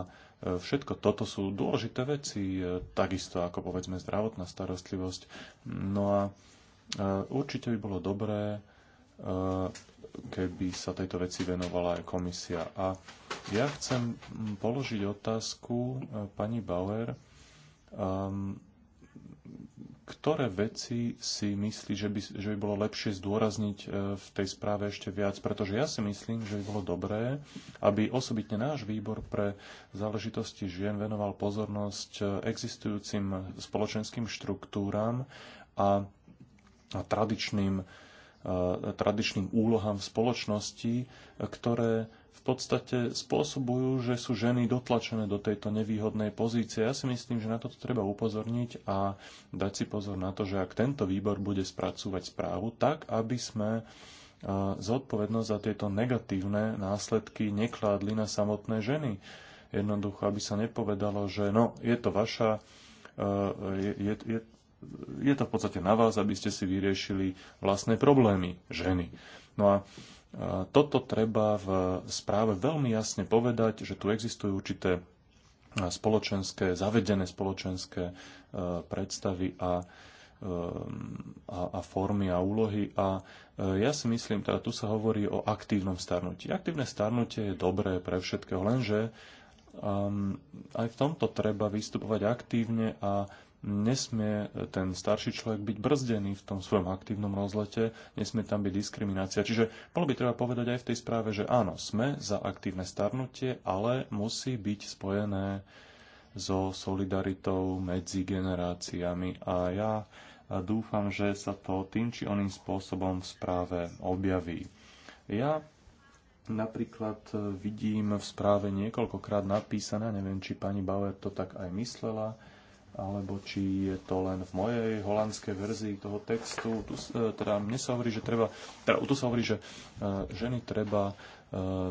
e, všetko toto sú dôležité veci, e, takisto ako povedzme zdravotná starostlivosť. No a e, určite by bolo dobré, keby sa tejto veci venovala aj komisia. A ja chcem položiť otázku pani Bauer. Um, ktoré veci si myslí, že by, že by bolo lepšie zdôrazniť e, v tej správe ešte viac, pretože ja si myslím, že by bolo dobré, aby osobitne náš výbor pre záležitosti žien venoval pozornosť e, existujúcim spoločenským štruktúram a, a tradičným, e, tradičným úlohám v spoločnosti, ktoré v podstate spôsobujú, že sú ženy dotlačené do tejto nevýhodnej pozície. Ja si myslím, že na toto treba upozorniť a dať si pozor na to, že ak tento výbor bude spracúvať správu, tak aby sme e, zodpovednosť za tieto negatívne následky nekládli na samotné ženy. Jednoducho, aby sa nepovedalo, že no, je to vaša, e, je, je, je, je to v podstate na vás, aby ste si vyriešili vlastné problémy ženy. No a toto treba v správe veľmi jasne povedať, že tu existujú určité spoločenské, zavedené spoločenské predstavy a, a, a formy a úlohy. A ja si myslím, teda tu sa hovorí o aktívnom starnutí. Aktívne starnutie je dobré pre všetkého, lenže um, aj v tomto treba vystupovať aktívne a nesmie ten starší človek byť brzdený v tom svojom aktívnom rozlete, nesmie tam byť diskriminácia. Čiže bolo by treba povedať aj v tej správe, že áno, sme za aktívne starnutie, ale musí byť spojené so solidaritou medzi generáciami. A ja dúfam, že sa to tým či oným spôsobom v správe objaví. Ja napríklad e, vidím v správe niekoľkokrát napísané, neviem, či pani Bauer to tak aj myslela, alebo či je to len v mojej holandskej verzii toho textu. Tu, e, teda mne sa hovorí, že treba, teda tu sa hovorí, že e, ženy treba e,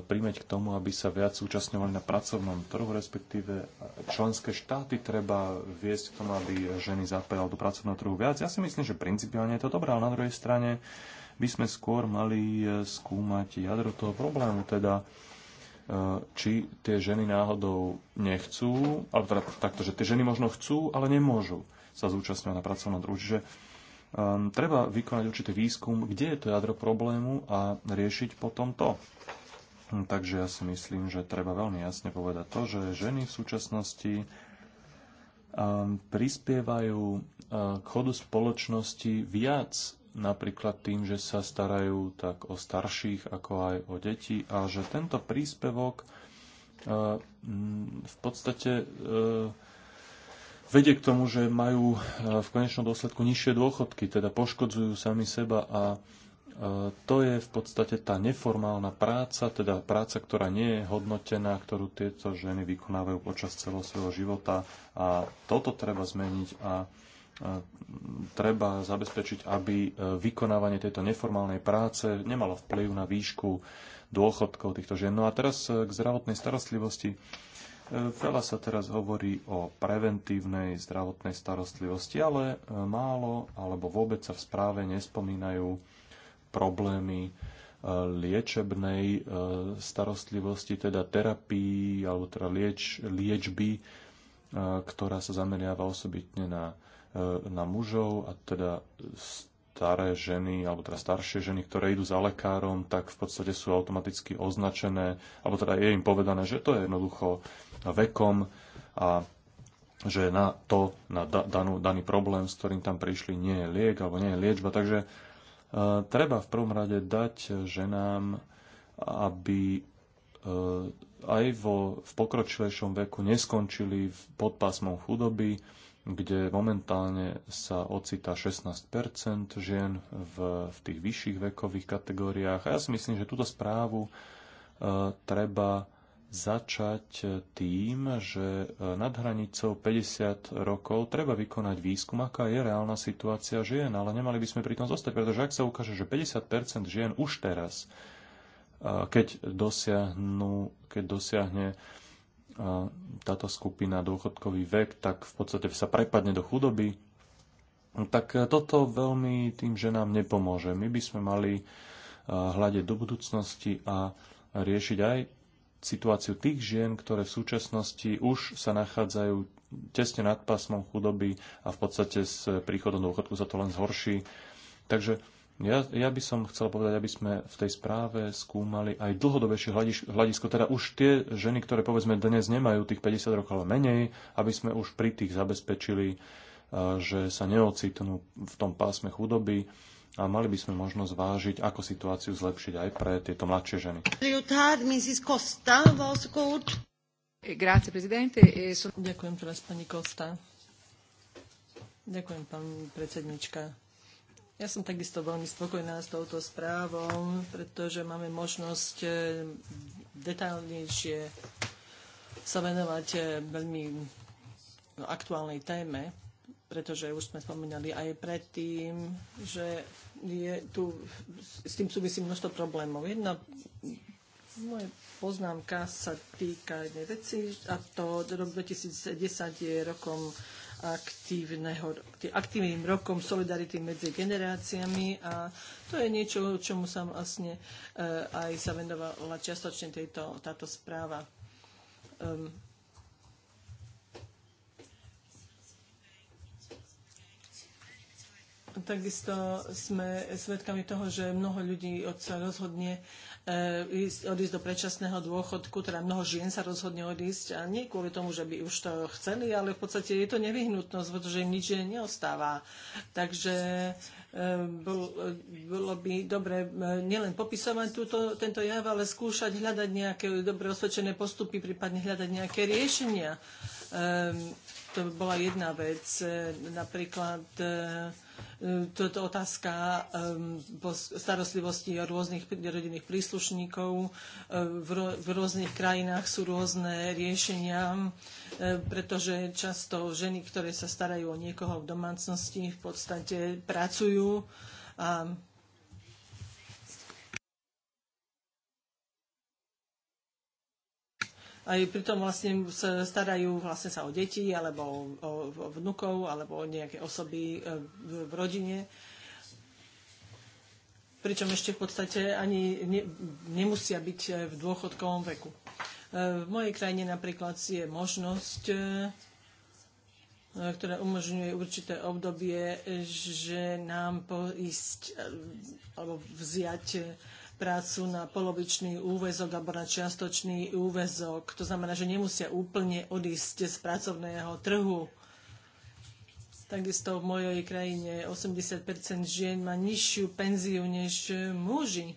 príjmeť k tomu, aby sa viac zúčastňovali na pracovnom trhu, respektíve členské štáty treba viesť k tomu, aby ženy zapájali do pracovného trhu viac. Ja si myslím, že principiálne je to dobré, ale na druhej strane by sme skôr mali skúmať jadro toho problému, teda či tie ženy náhodou nechcú, alebo teda takto, že tie ženy možno chcú, ale nemôžu sa zúčastňovať na pracovnom druhu. Čiže um, treba vykonať určitý výskum, kde je to jadro problému a riešiť potom to. Hm, takže ja si myslím, že treba veľmi jasne povedať to, že ženy v súčasnosti um, prispievajú uh, k chodu spoločnosti viac napríklad tým, že sa starajú tak o starších ako aj o deti a že tento príspevok e, v podstate e, vedie k tomu, že majú e, v konečnom dôsledku nižšie dôchodky, teda poškodzujú sami seba a to je v podstate tá neformálna práca, teda práca, ktorá nie je hodnotená, ktorú tieto ženy vykonávajú počas celého svojho života a toto treba zmeniť a treba zabezpečiť, aby e, vykonávanie tejto neformálnej práce nemalo vplyv na výšku dôchodkov týchto žien. No a teraz e, k zdravotnej starostlivosti. E, veľa sa teraz hovorí o preventívnej zdravotnej starostlivosti, ale málo alebo vôbec sa v správe nespomínajú problémy liečebnej starostlivosti, teda terapii alebo teda lieč, liečby, ktorá sa zameriava osobitne na E, na mužov a teda staré ženy, alebo teda staršie ženy, ktoré idú za lekárom, tak v podstate sú automaticky označené, alebo teda je im povedané, že to je jednoducho vekom a že na to, na danú, daný problém, s ktorým tam prišli, nie je liek alebo nie je liečba. Takže e, treba v prvom rade dať ženám, aby e, aj vo, v pokročilejšom veku neskončili pod pásmom chudoby, kde momentálne sa ocitá 16 žien v, v tých vyšších vekových kategóriách. A ja si myslím, že túto správu e, treba začať tým, že e, nad hranicou 50 rokov treba vykonať výskum, aká je reálna situácia žien, ale nemali by sme pri tom zostať, pretože ak sa ukáže, že 50 žien už teraz, e, keď, dosiahnu, keď dosiahne táto skupina dôchodkový vek, tak v podstate sa prepadne do chudoby, tak toto veľmi tým ženám nepomôže. My by sme mali hľadiť do budúcnosti a riešiť aj situáciu tých žien, ktoré v súčasnosti už sa nachádzajú tesne nad pásmom chudoby a v podstate s príchodom dôchodku sa to len zhorší. Takže ja, ja by som chcel povedať, aby sme v tej správe skúmali aj dlhodobejšie hľadisko, teda už tie ženy, ktoré povedzme dnes nemajú tých 50 rokov, ale menej, aby sme už pri tých zabezpečili, že sa neocitnú v tom pásme chudoby a mali by sme možnosť zvážiť, ako situáciu zlepšiť aj pre tieto mladšie ženy. E Ďakujem teraz pani Kosta. Ďakujem, pani predsednička. Ja som takisto veľmi spokojná s touto správou, pretože máme možnosť eh, detailnejšie sa venovať eh, veľmi aktuálnej téme, pretože už sme spomínali aj predtým, že je tu, s tým súvisí množstvo problémov. Jedna moja poznámka sa týka jednej veci, a to rok 2010 je rokom aktívneho, aktívnym rokom solidarity medzi generáciami a to je niečo, čomu sa vlastne eh, aj sa venovala čiastočne tejto, táto správa. Um, Takisto sme svedkami toho, že mnoho ľudí sa rozhodne E, odísť do predčasného dôchodku, teda mnoho žien sa rozhodne odísť a nie kvôli tomu, že by už to chceli, ale v podstate je to nevyhnutnosť, pretože im nič neostáva. Takže e, bol, bolo by dobre e, nielen popisovať túto, tento jav, ale skúšať hľadať nejaké dobre osvedčené postupy, prípadne hľadať nejaké riešenia. To bola jedna vec. Napríklad E, toto otázka starostlivosti o rôznych rodinných príslušníkov. E, v rôznych krajinách sú rôzne riešenia, e, pretože často ženy, ktoré sa starajú o niekoho v domácnosti, v podstate pracujú a aj pritom vlastne sa starajú vlastne sa o deti, alebo o, o vnukov, alebo o nejaké osoby e, v, v rodine pričom ešte v podstate ani ne, nemusia byť e, v dôchodkovom veku. E, v mojej krajine napríklad je možnosť, ktorá umožňuje určité obdobie, že nám poísť alebo vziať prácu na polovičný úvezok alebo na čiastočný úvezok. To znamená, že nemusia úplne odísť z pracovného trhu. Takisto v mojej krajine 80 žien má nižšiu penziu než muži.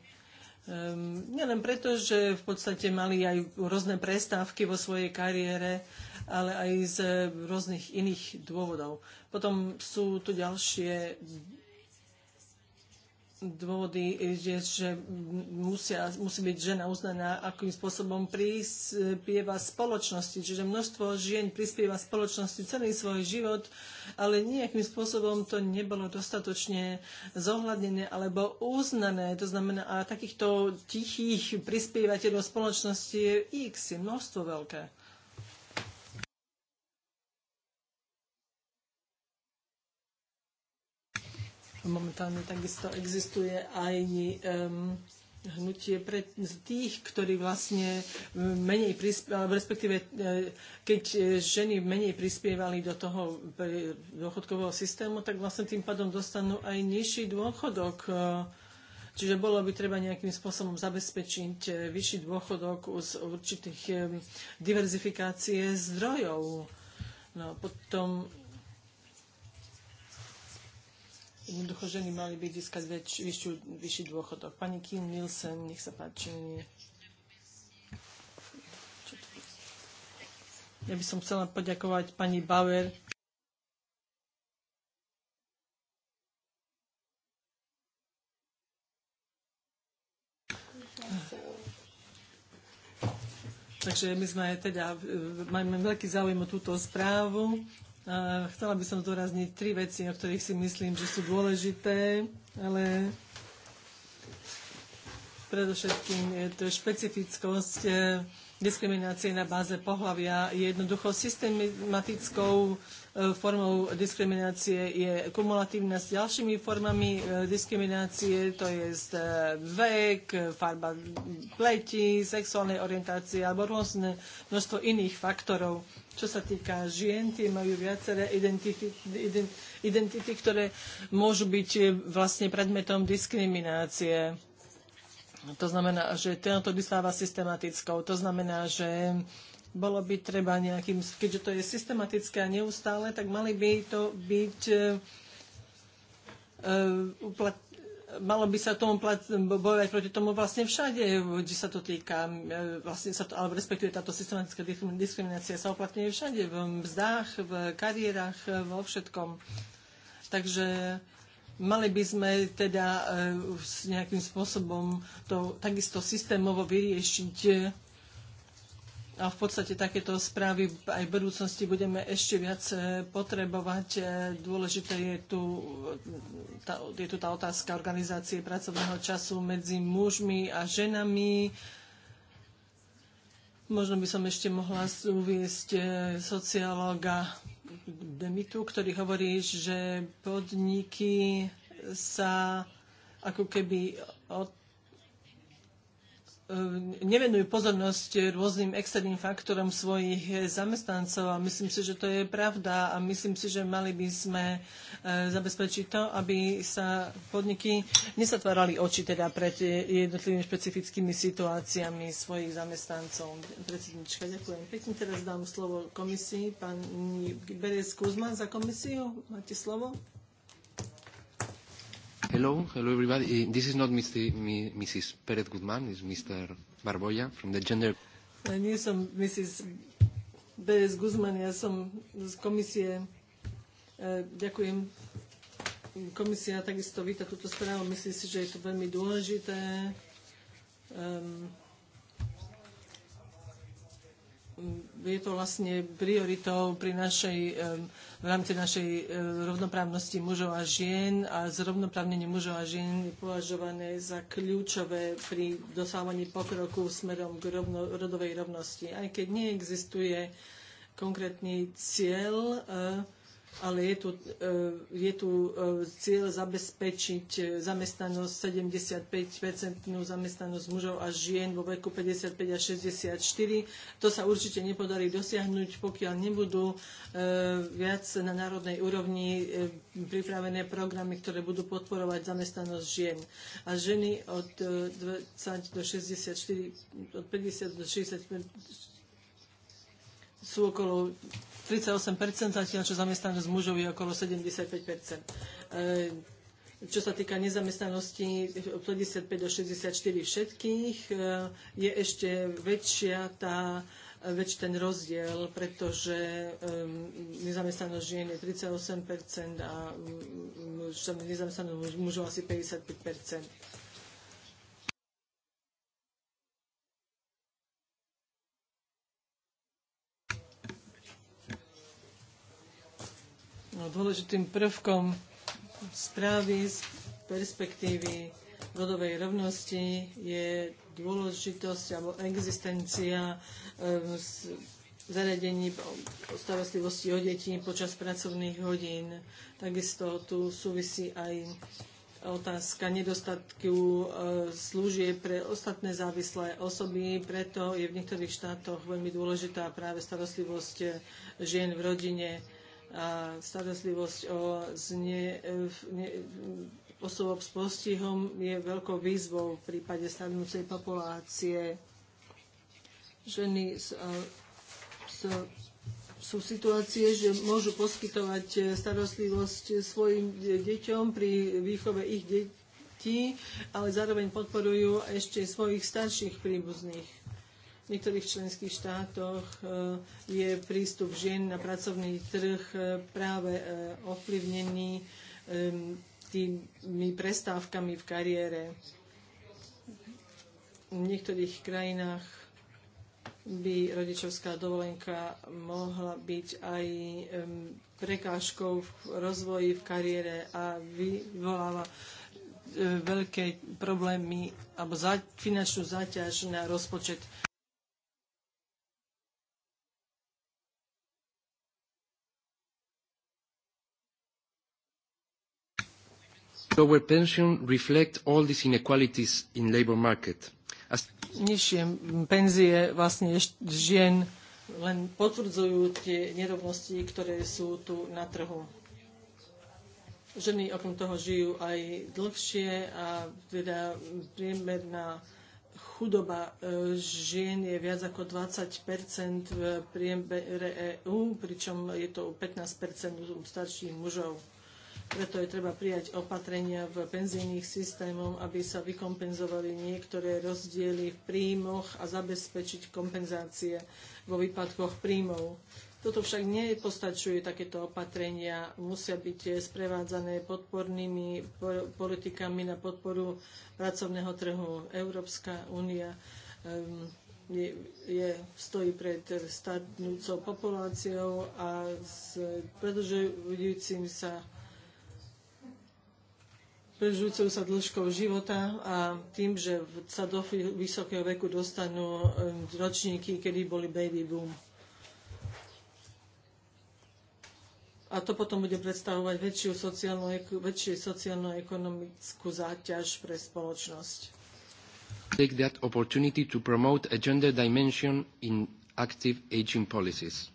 Um, nielen preto, že v podstate mali aj rôzne prestávky vo svojej kariére, ale aj z rôznych iných dôvodov. Potom sú tu ďalšie dôvody, že, že musia, musí byť žena uznaná, akým spôsobom prispieva spoločnosti. Čiže množstvo žien prispieva spoločnosti celý svoj život, ale nejakým spôsobom to nebolo dostatočne zohľadnené alebo uznané. To znamená, a takýchto tichých prispievateľov spoločnosti je x, je množstvo veľké. Momentálne takisto existuje aj um, hnutie pre tých, ktorí vlastne menej prispievali, respektíve e, keď e, ženy menej prispievali do toho e, dôchodkového systému, tak vlastne tým pádom dostanú aj nižší dôchodok. Čiže bolo by treba nejakým spôsobom zabezpečiť vyšší dôchodok z určitých diverzifikácie zdrojov. No, potom jednoducho ženy mali by získať väč, vyššiu, vyšší dôchodok. Pani Kim Nielsen, nech sa páči. Ja by som chcela poďakovať pani Bauer. Takže my sme teda, máme veľký záujem o túto správu chcela by som zdôrazniť tri veci, o ktorých si myslím, že sú dôležité, ale predovšetkým je to špecifickosť e, diskriminácie na báze pohľavia. Jednoducho systematickou e, formou diskriminácie je kumulatívna s ďalšími formami e, diskriminácie, to je vek, farba pleti, sexuálnej orientácie alebo rôzne množstvo iných faktorov. Čo sa týka žien, tie majú viaceré identity, identity ktoré môžu byť eh, vlastne predmetom diskriminácie. To znamená, že tento disláva systematickou. To znamená, že bolo by treba nejakým, keďže to je systematické a neustále, tak mali by to byť uh, eh, eh, uplatné malo by sa tomu bojovať proti tomu vlastne všade, kde sa to týka, e, vlastne sa to, alebo respektuje táto systematická diskriminácia sa oplatňuje všade, v mzdách, v kariérach, e, vo všetkom. Takže mali by sme teda e, nejakým spôsobom to takisto systémovo vyriešiť a v podstate takéto správy aj v budúcnosti budeme ešte viac e, potrebovať. E, dôležité je tu tá, je tu tá otázka organizácie pracovného času medzi mužmi a ženami. Možno by som ešte mohla uviesť e, sociológa Demitu, ktorý hovorí, že podniky sa ako keby od E, nevenujú pozornosť rôznym externým faktorom svojich zamestnancov a myslím si, že to je pravda a myslím si, že mali by sme e, zabezpečiť to, aby sa podniky nesatvárali oči teda pred jednotlivými špecifickými situáciami svojich zamestnancov. Predsednička, ďakujem pekne. Teraz dám slovo komisii. Pán Berec Kuzman, za komisiu. Máte slovo. Hello, hello everybody. Eh, this is not Mr. Mrs. Pérez Guzmán, it's Mr. Barboya from the Gender... Nie som Mrs. Pérez Guzmán, ja som z komisie. Eh, ďakujem. Komisia takisto víta túto správu. Myslím si, že je to veľmi dôležité. Um, je to vlastne prioritou pri našej, v rámci našej rovnoprávnosti mužov a žien a zrovnoprávnenie mužov a žien je považované za kľúčové pri dosávaní pokroku smerom k rovno, rodovej rovnosti. Aj keď neexistuje konkrétny cieľ, ale je tu, eh, je tu eh, cieľ zabezpečiť eh, zamestnanosť 75-percentnú zamestnanosť mužov a žien vo veku 55 až 64. To sa určite nepodarí dosiahnuť, pokiaľ nebudú viac na národnej úrovni pripravené programy, ktoré budú podporovať zamestnanosť žien. A ženy od 20 do 64, od 50 do 65 sú okolo 38%, zatiaľ čo zamestnanosť mužov je okolo 75%. E, čo sa týka nezamestnanosti od 55 do 64 všetkých, e, je ešte väčšia tá väčší ten rozdiel, pretože um, nezamestnanosť žien je 38% a um, nezamestnanosť mužov asi 55%. dôležitým prvkom správy z perspektívy rodovej rovnosti je dôležitosť alebo existencia ehm, zariadení o starostlivosti o deti počas pracovných hodín. Takisto tu súvisí aj otázka nedostatku ehm, služieb pre ostatné závislé osoby. Preto je v niektorých štátoch veľmi dôležitá práve starostlivosť ehm, žien v rodine a starostlivosť o zne, ne, osob s postihom je veľkou výzvou v prípade starnúcej populácie. Ženy s, s, sú situácie, že môžu poskytovať starostlivosť svojim deťom pri výchove ich detí, ale zároveň podporujú ešte svojich starších príbuzných. V niektorých členských štátoch eh, je prístup žien na pracovný trh eh, práve eh, ovplyvnený ehm, tými prestávkami v kariére. V niektorých krajinách by rodičovská dovolenka mohla byť aj ehm, prekážkou v rozvoji, v kariére a vyvoláva veľké problémy alebo finančnú záťaž na rozpočet Lower pension reflect all these inequalities in labor market. As... Nižšie penzie vlastne žien len potvrdzujú tie nerovnosti, ktoré sú tu na trhu. Ženy okrem toho žijú aj dlhšie a teda priemerná chudoba e, žien je viac ako 20 v priemere EÚ, pričom je to 15 u starších mužov. Preto je treba prijať opatrenia v penzijných systémoch, aby sa vykompenzovali niektoré rozdiely v príjmoch a zabezpečiť kompenzácie vo výpadkoch príjmov. Toto však nepostačuje, takéto opatrenia musia byť sprevádzané podpornými politikami na podporu pracovného trhu. Európska únia ehm, je, je, stojí pred starnúcou populáciou a s predlžujúcim sa Prežujúcou sa dĺžkou života a tým, že sa do vysokého veku dostanú e, ročníky, kedy boli baby boom. A to potom bude predstavovať väčšiu sociálnu, väčšiu sociálno-ekonomickú záťaž pre spoločnosť. Take that opportunity to promote a gender dimension in active aging policies.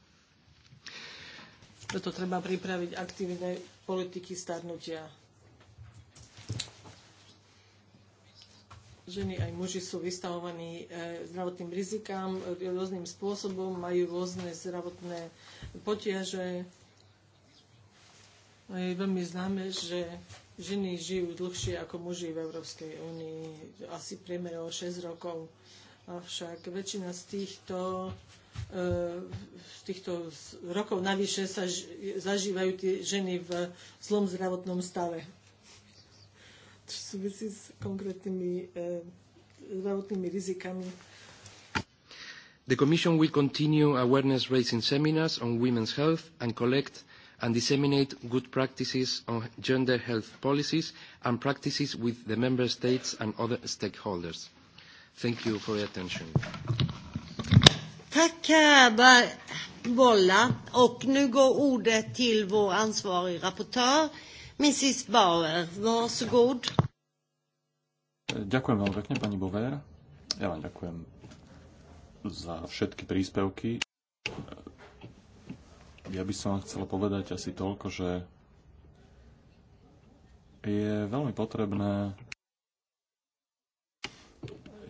Preto treba pripraviť aktívne politiky starnutia ženy aj muži sú vystavovaní e, zdravotným rizikám e, rôznym spôsobom, majú rôzne zdravotné potiaže. Je veľmi známe, že ženy žijú dlhšie ako muži v Európskej únii, asi priemer o 6 rokov. Avšak väčšina z týchto, e, z týchto rokov navyše sa zažívajú tie ženy v zlom zdravotnom stave v súvisí s konkrétnymi e, zdravotnými rizikami. The Commission will continue awareness raising seminars on women's health and collect and disseminate good practices on gender health policies and practices with the member states and other stakeholders. Thank you for your attention. Tack Bolla och nu går ordet till vår ansvarig rapportör Mrs. Bauer, Ďakujem veľmi pekne, pani Bover. Ja vám ďakujem za všetky príspevky. Ja by som vám chcela povedať asi toľko, že je veľmi potrebné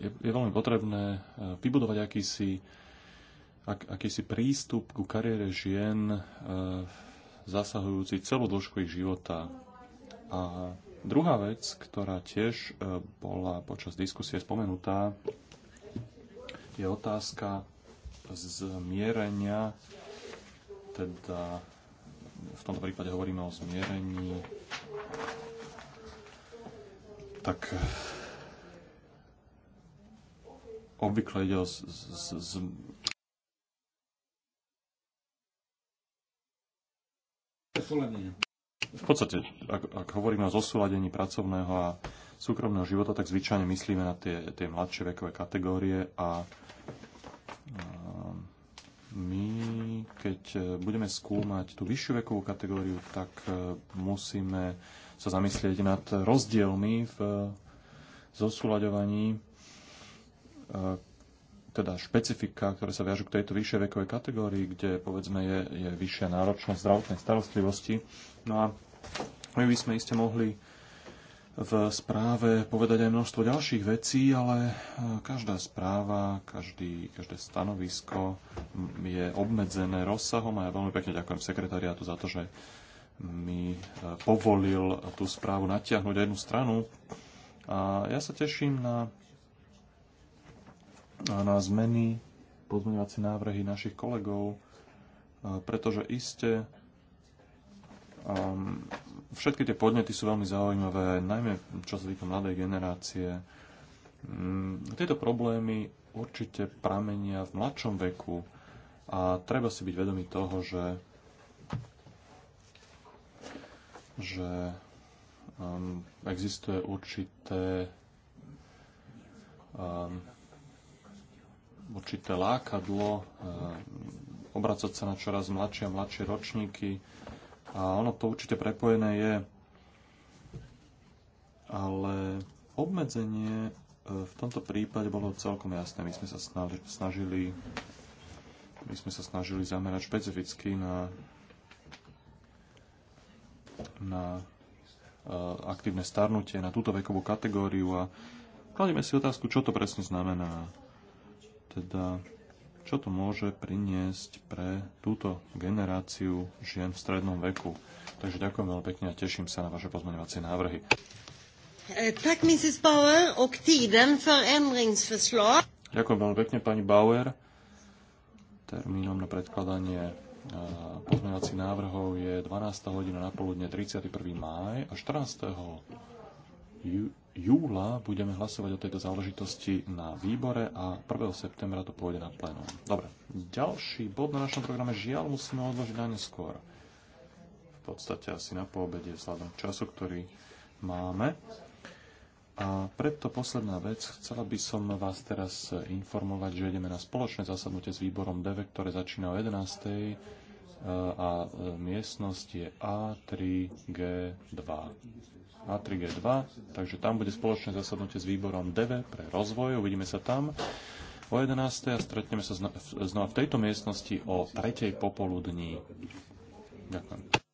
je, je veľmi potrebné eh, vybudovať akýsi, ak, akýsi prístup ku kariére žien v eh, zasahujúci celú dĺžku ich života. A druhá vec, ktorá tiež e, bola počas diskusie spomenutá, je otázka zmierenia, teda v tomto prípade hovoríme o zmierení, tak e, obvykle ide o z, z, z, V podstate, ak, ak hovoríme o zosúladení pracovného a súkromného života, tak zvyčajne myslíme na tie, tie mladšie vekové kategórie a, my, keď budeme skúmať tú vyššiu vekovú kategóriu, tak e, musíme sa zamyslieť nad rozdielmi v zosúľaďovaní e, teda špecifika, ktoré sa viažú k tejto vyššej vekovej kategórii, kde povedzme je, je vyššia náročnosť zdravotnej starostlivosti. No a my by sme iste mohli v správe povedať aj množstvo ďalších vecí, ale e, každá správa, každý, každé stanovisko je obmedzené rozsahom a ja veľmi pekne ďakujem sekretariátu za to, že mi e, povolil tú správu natiahnuť jednu stranu. A ja sa teším na na zmeny, pozmeňovacie návrhy našich kolegov, pretože iste um, všetky tie podnety sú veľmi zaujímavé, najmä čo sa týka mladej generácie. Um, tieto problémy určite pramenia v mladšom veku a treba si byť vedomý toho, že, že um, existuje určité um, určité lákadlo eh, obracať sa na čoraz mladšie a mladšie ročníky. A ono to určite prepojené je, ale obmedzenie eh, v tomto prípade bolo celkom jasné. My sme sa snažili, my sme sa snažili zamerať špecificky na, na eh, aktívne starnutie, na túto vekovú kategóriu a kladieme si otázku, čo to presne znamená teda čo to môže priniesť pre túto generáciu žien v strednom veku. Takže ďakujem veľmi pekne a teším sa na vaše pozmeňovacie návrhy. Eh, tak, Mrs. Bauer, och tiden för Ďakujem veľmi pekne, pani Bauer. Termínom na predkladanie eh, pozmeňovacích návrhov je 12. hodina na poludne 31. máj a 14. júna júla budeme hlasovať o tejto záležitosti na výbore a 1. septembra to pôjde na plénum. Dobre, ďalší bod na našom programe žiaľ musíme odložiť na neskôr. V podstate asi na poobede vzhľadom času, ktorý máme. A preto posledná vec, chcela by som vás teraz informovať, že ideme na spoločné zasadnutie s výborom DV, ktoré začína o 11. E, a e, miestnosť je A3G2. H3G2, takže tam bude spoločné zasadnutie s výborom DV pre rozvoj, uvidíme sa tam o 11. a stretneme sa znova v tejto miestnosti o 3. popoludní. Ďakujem.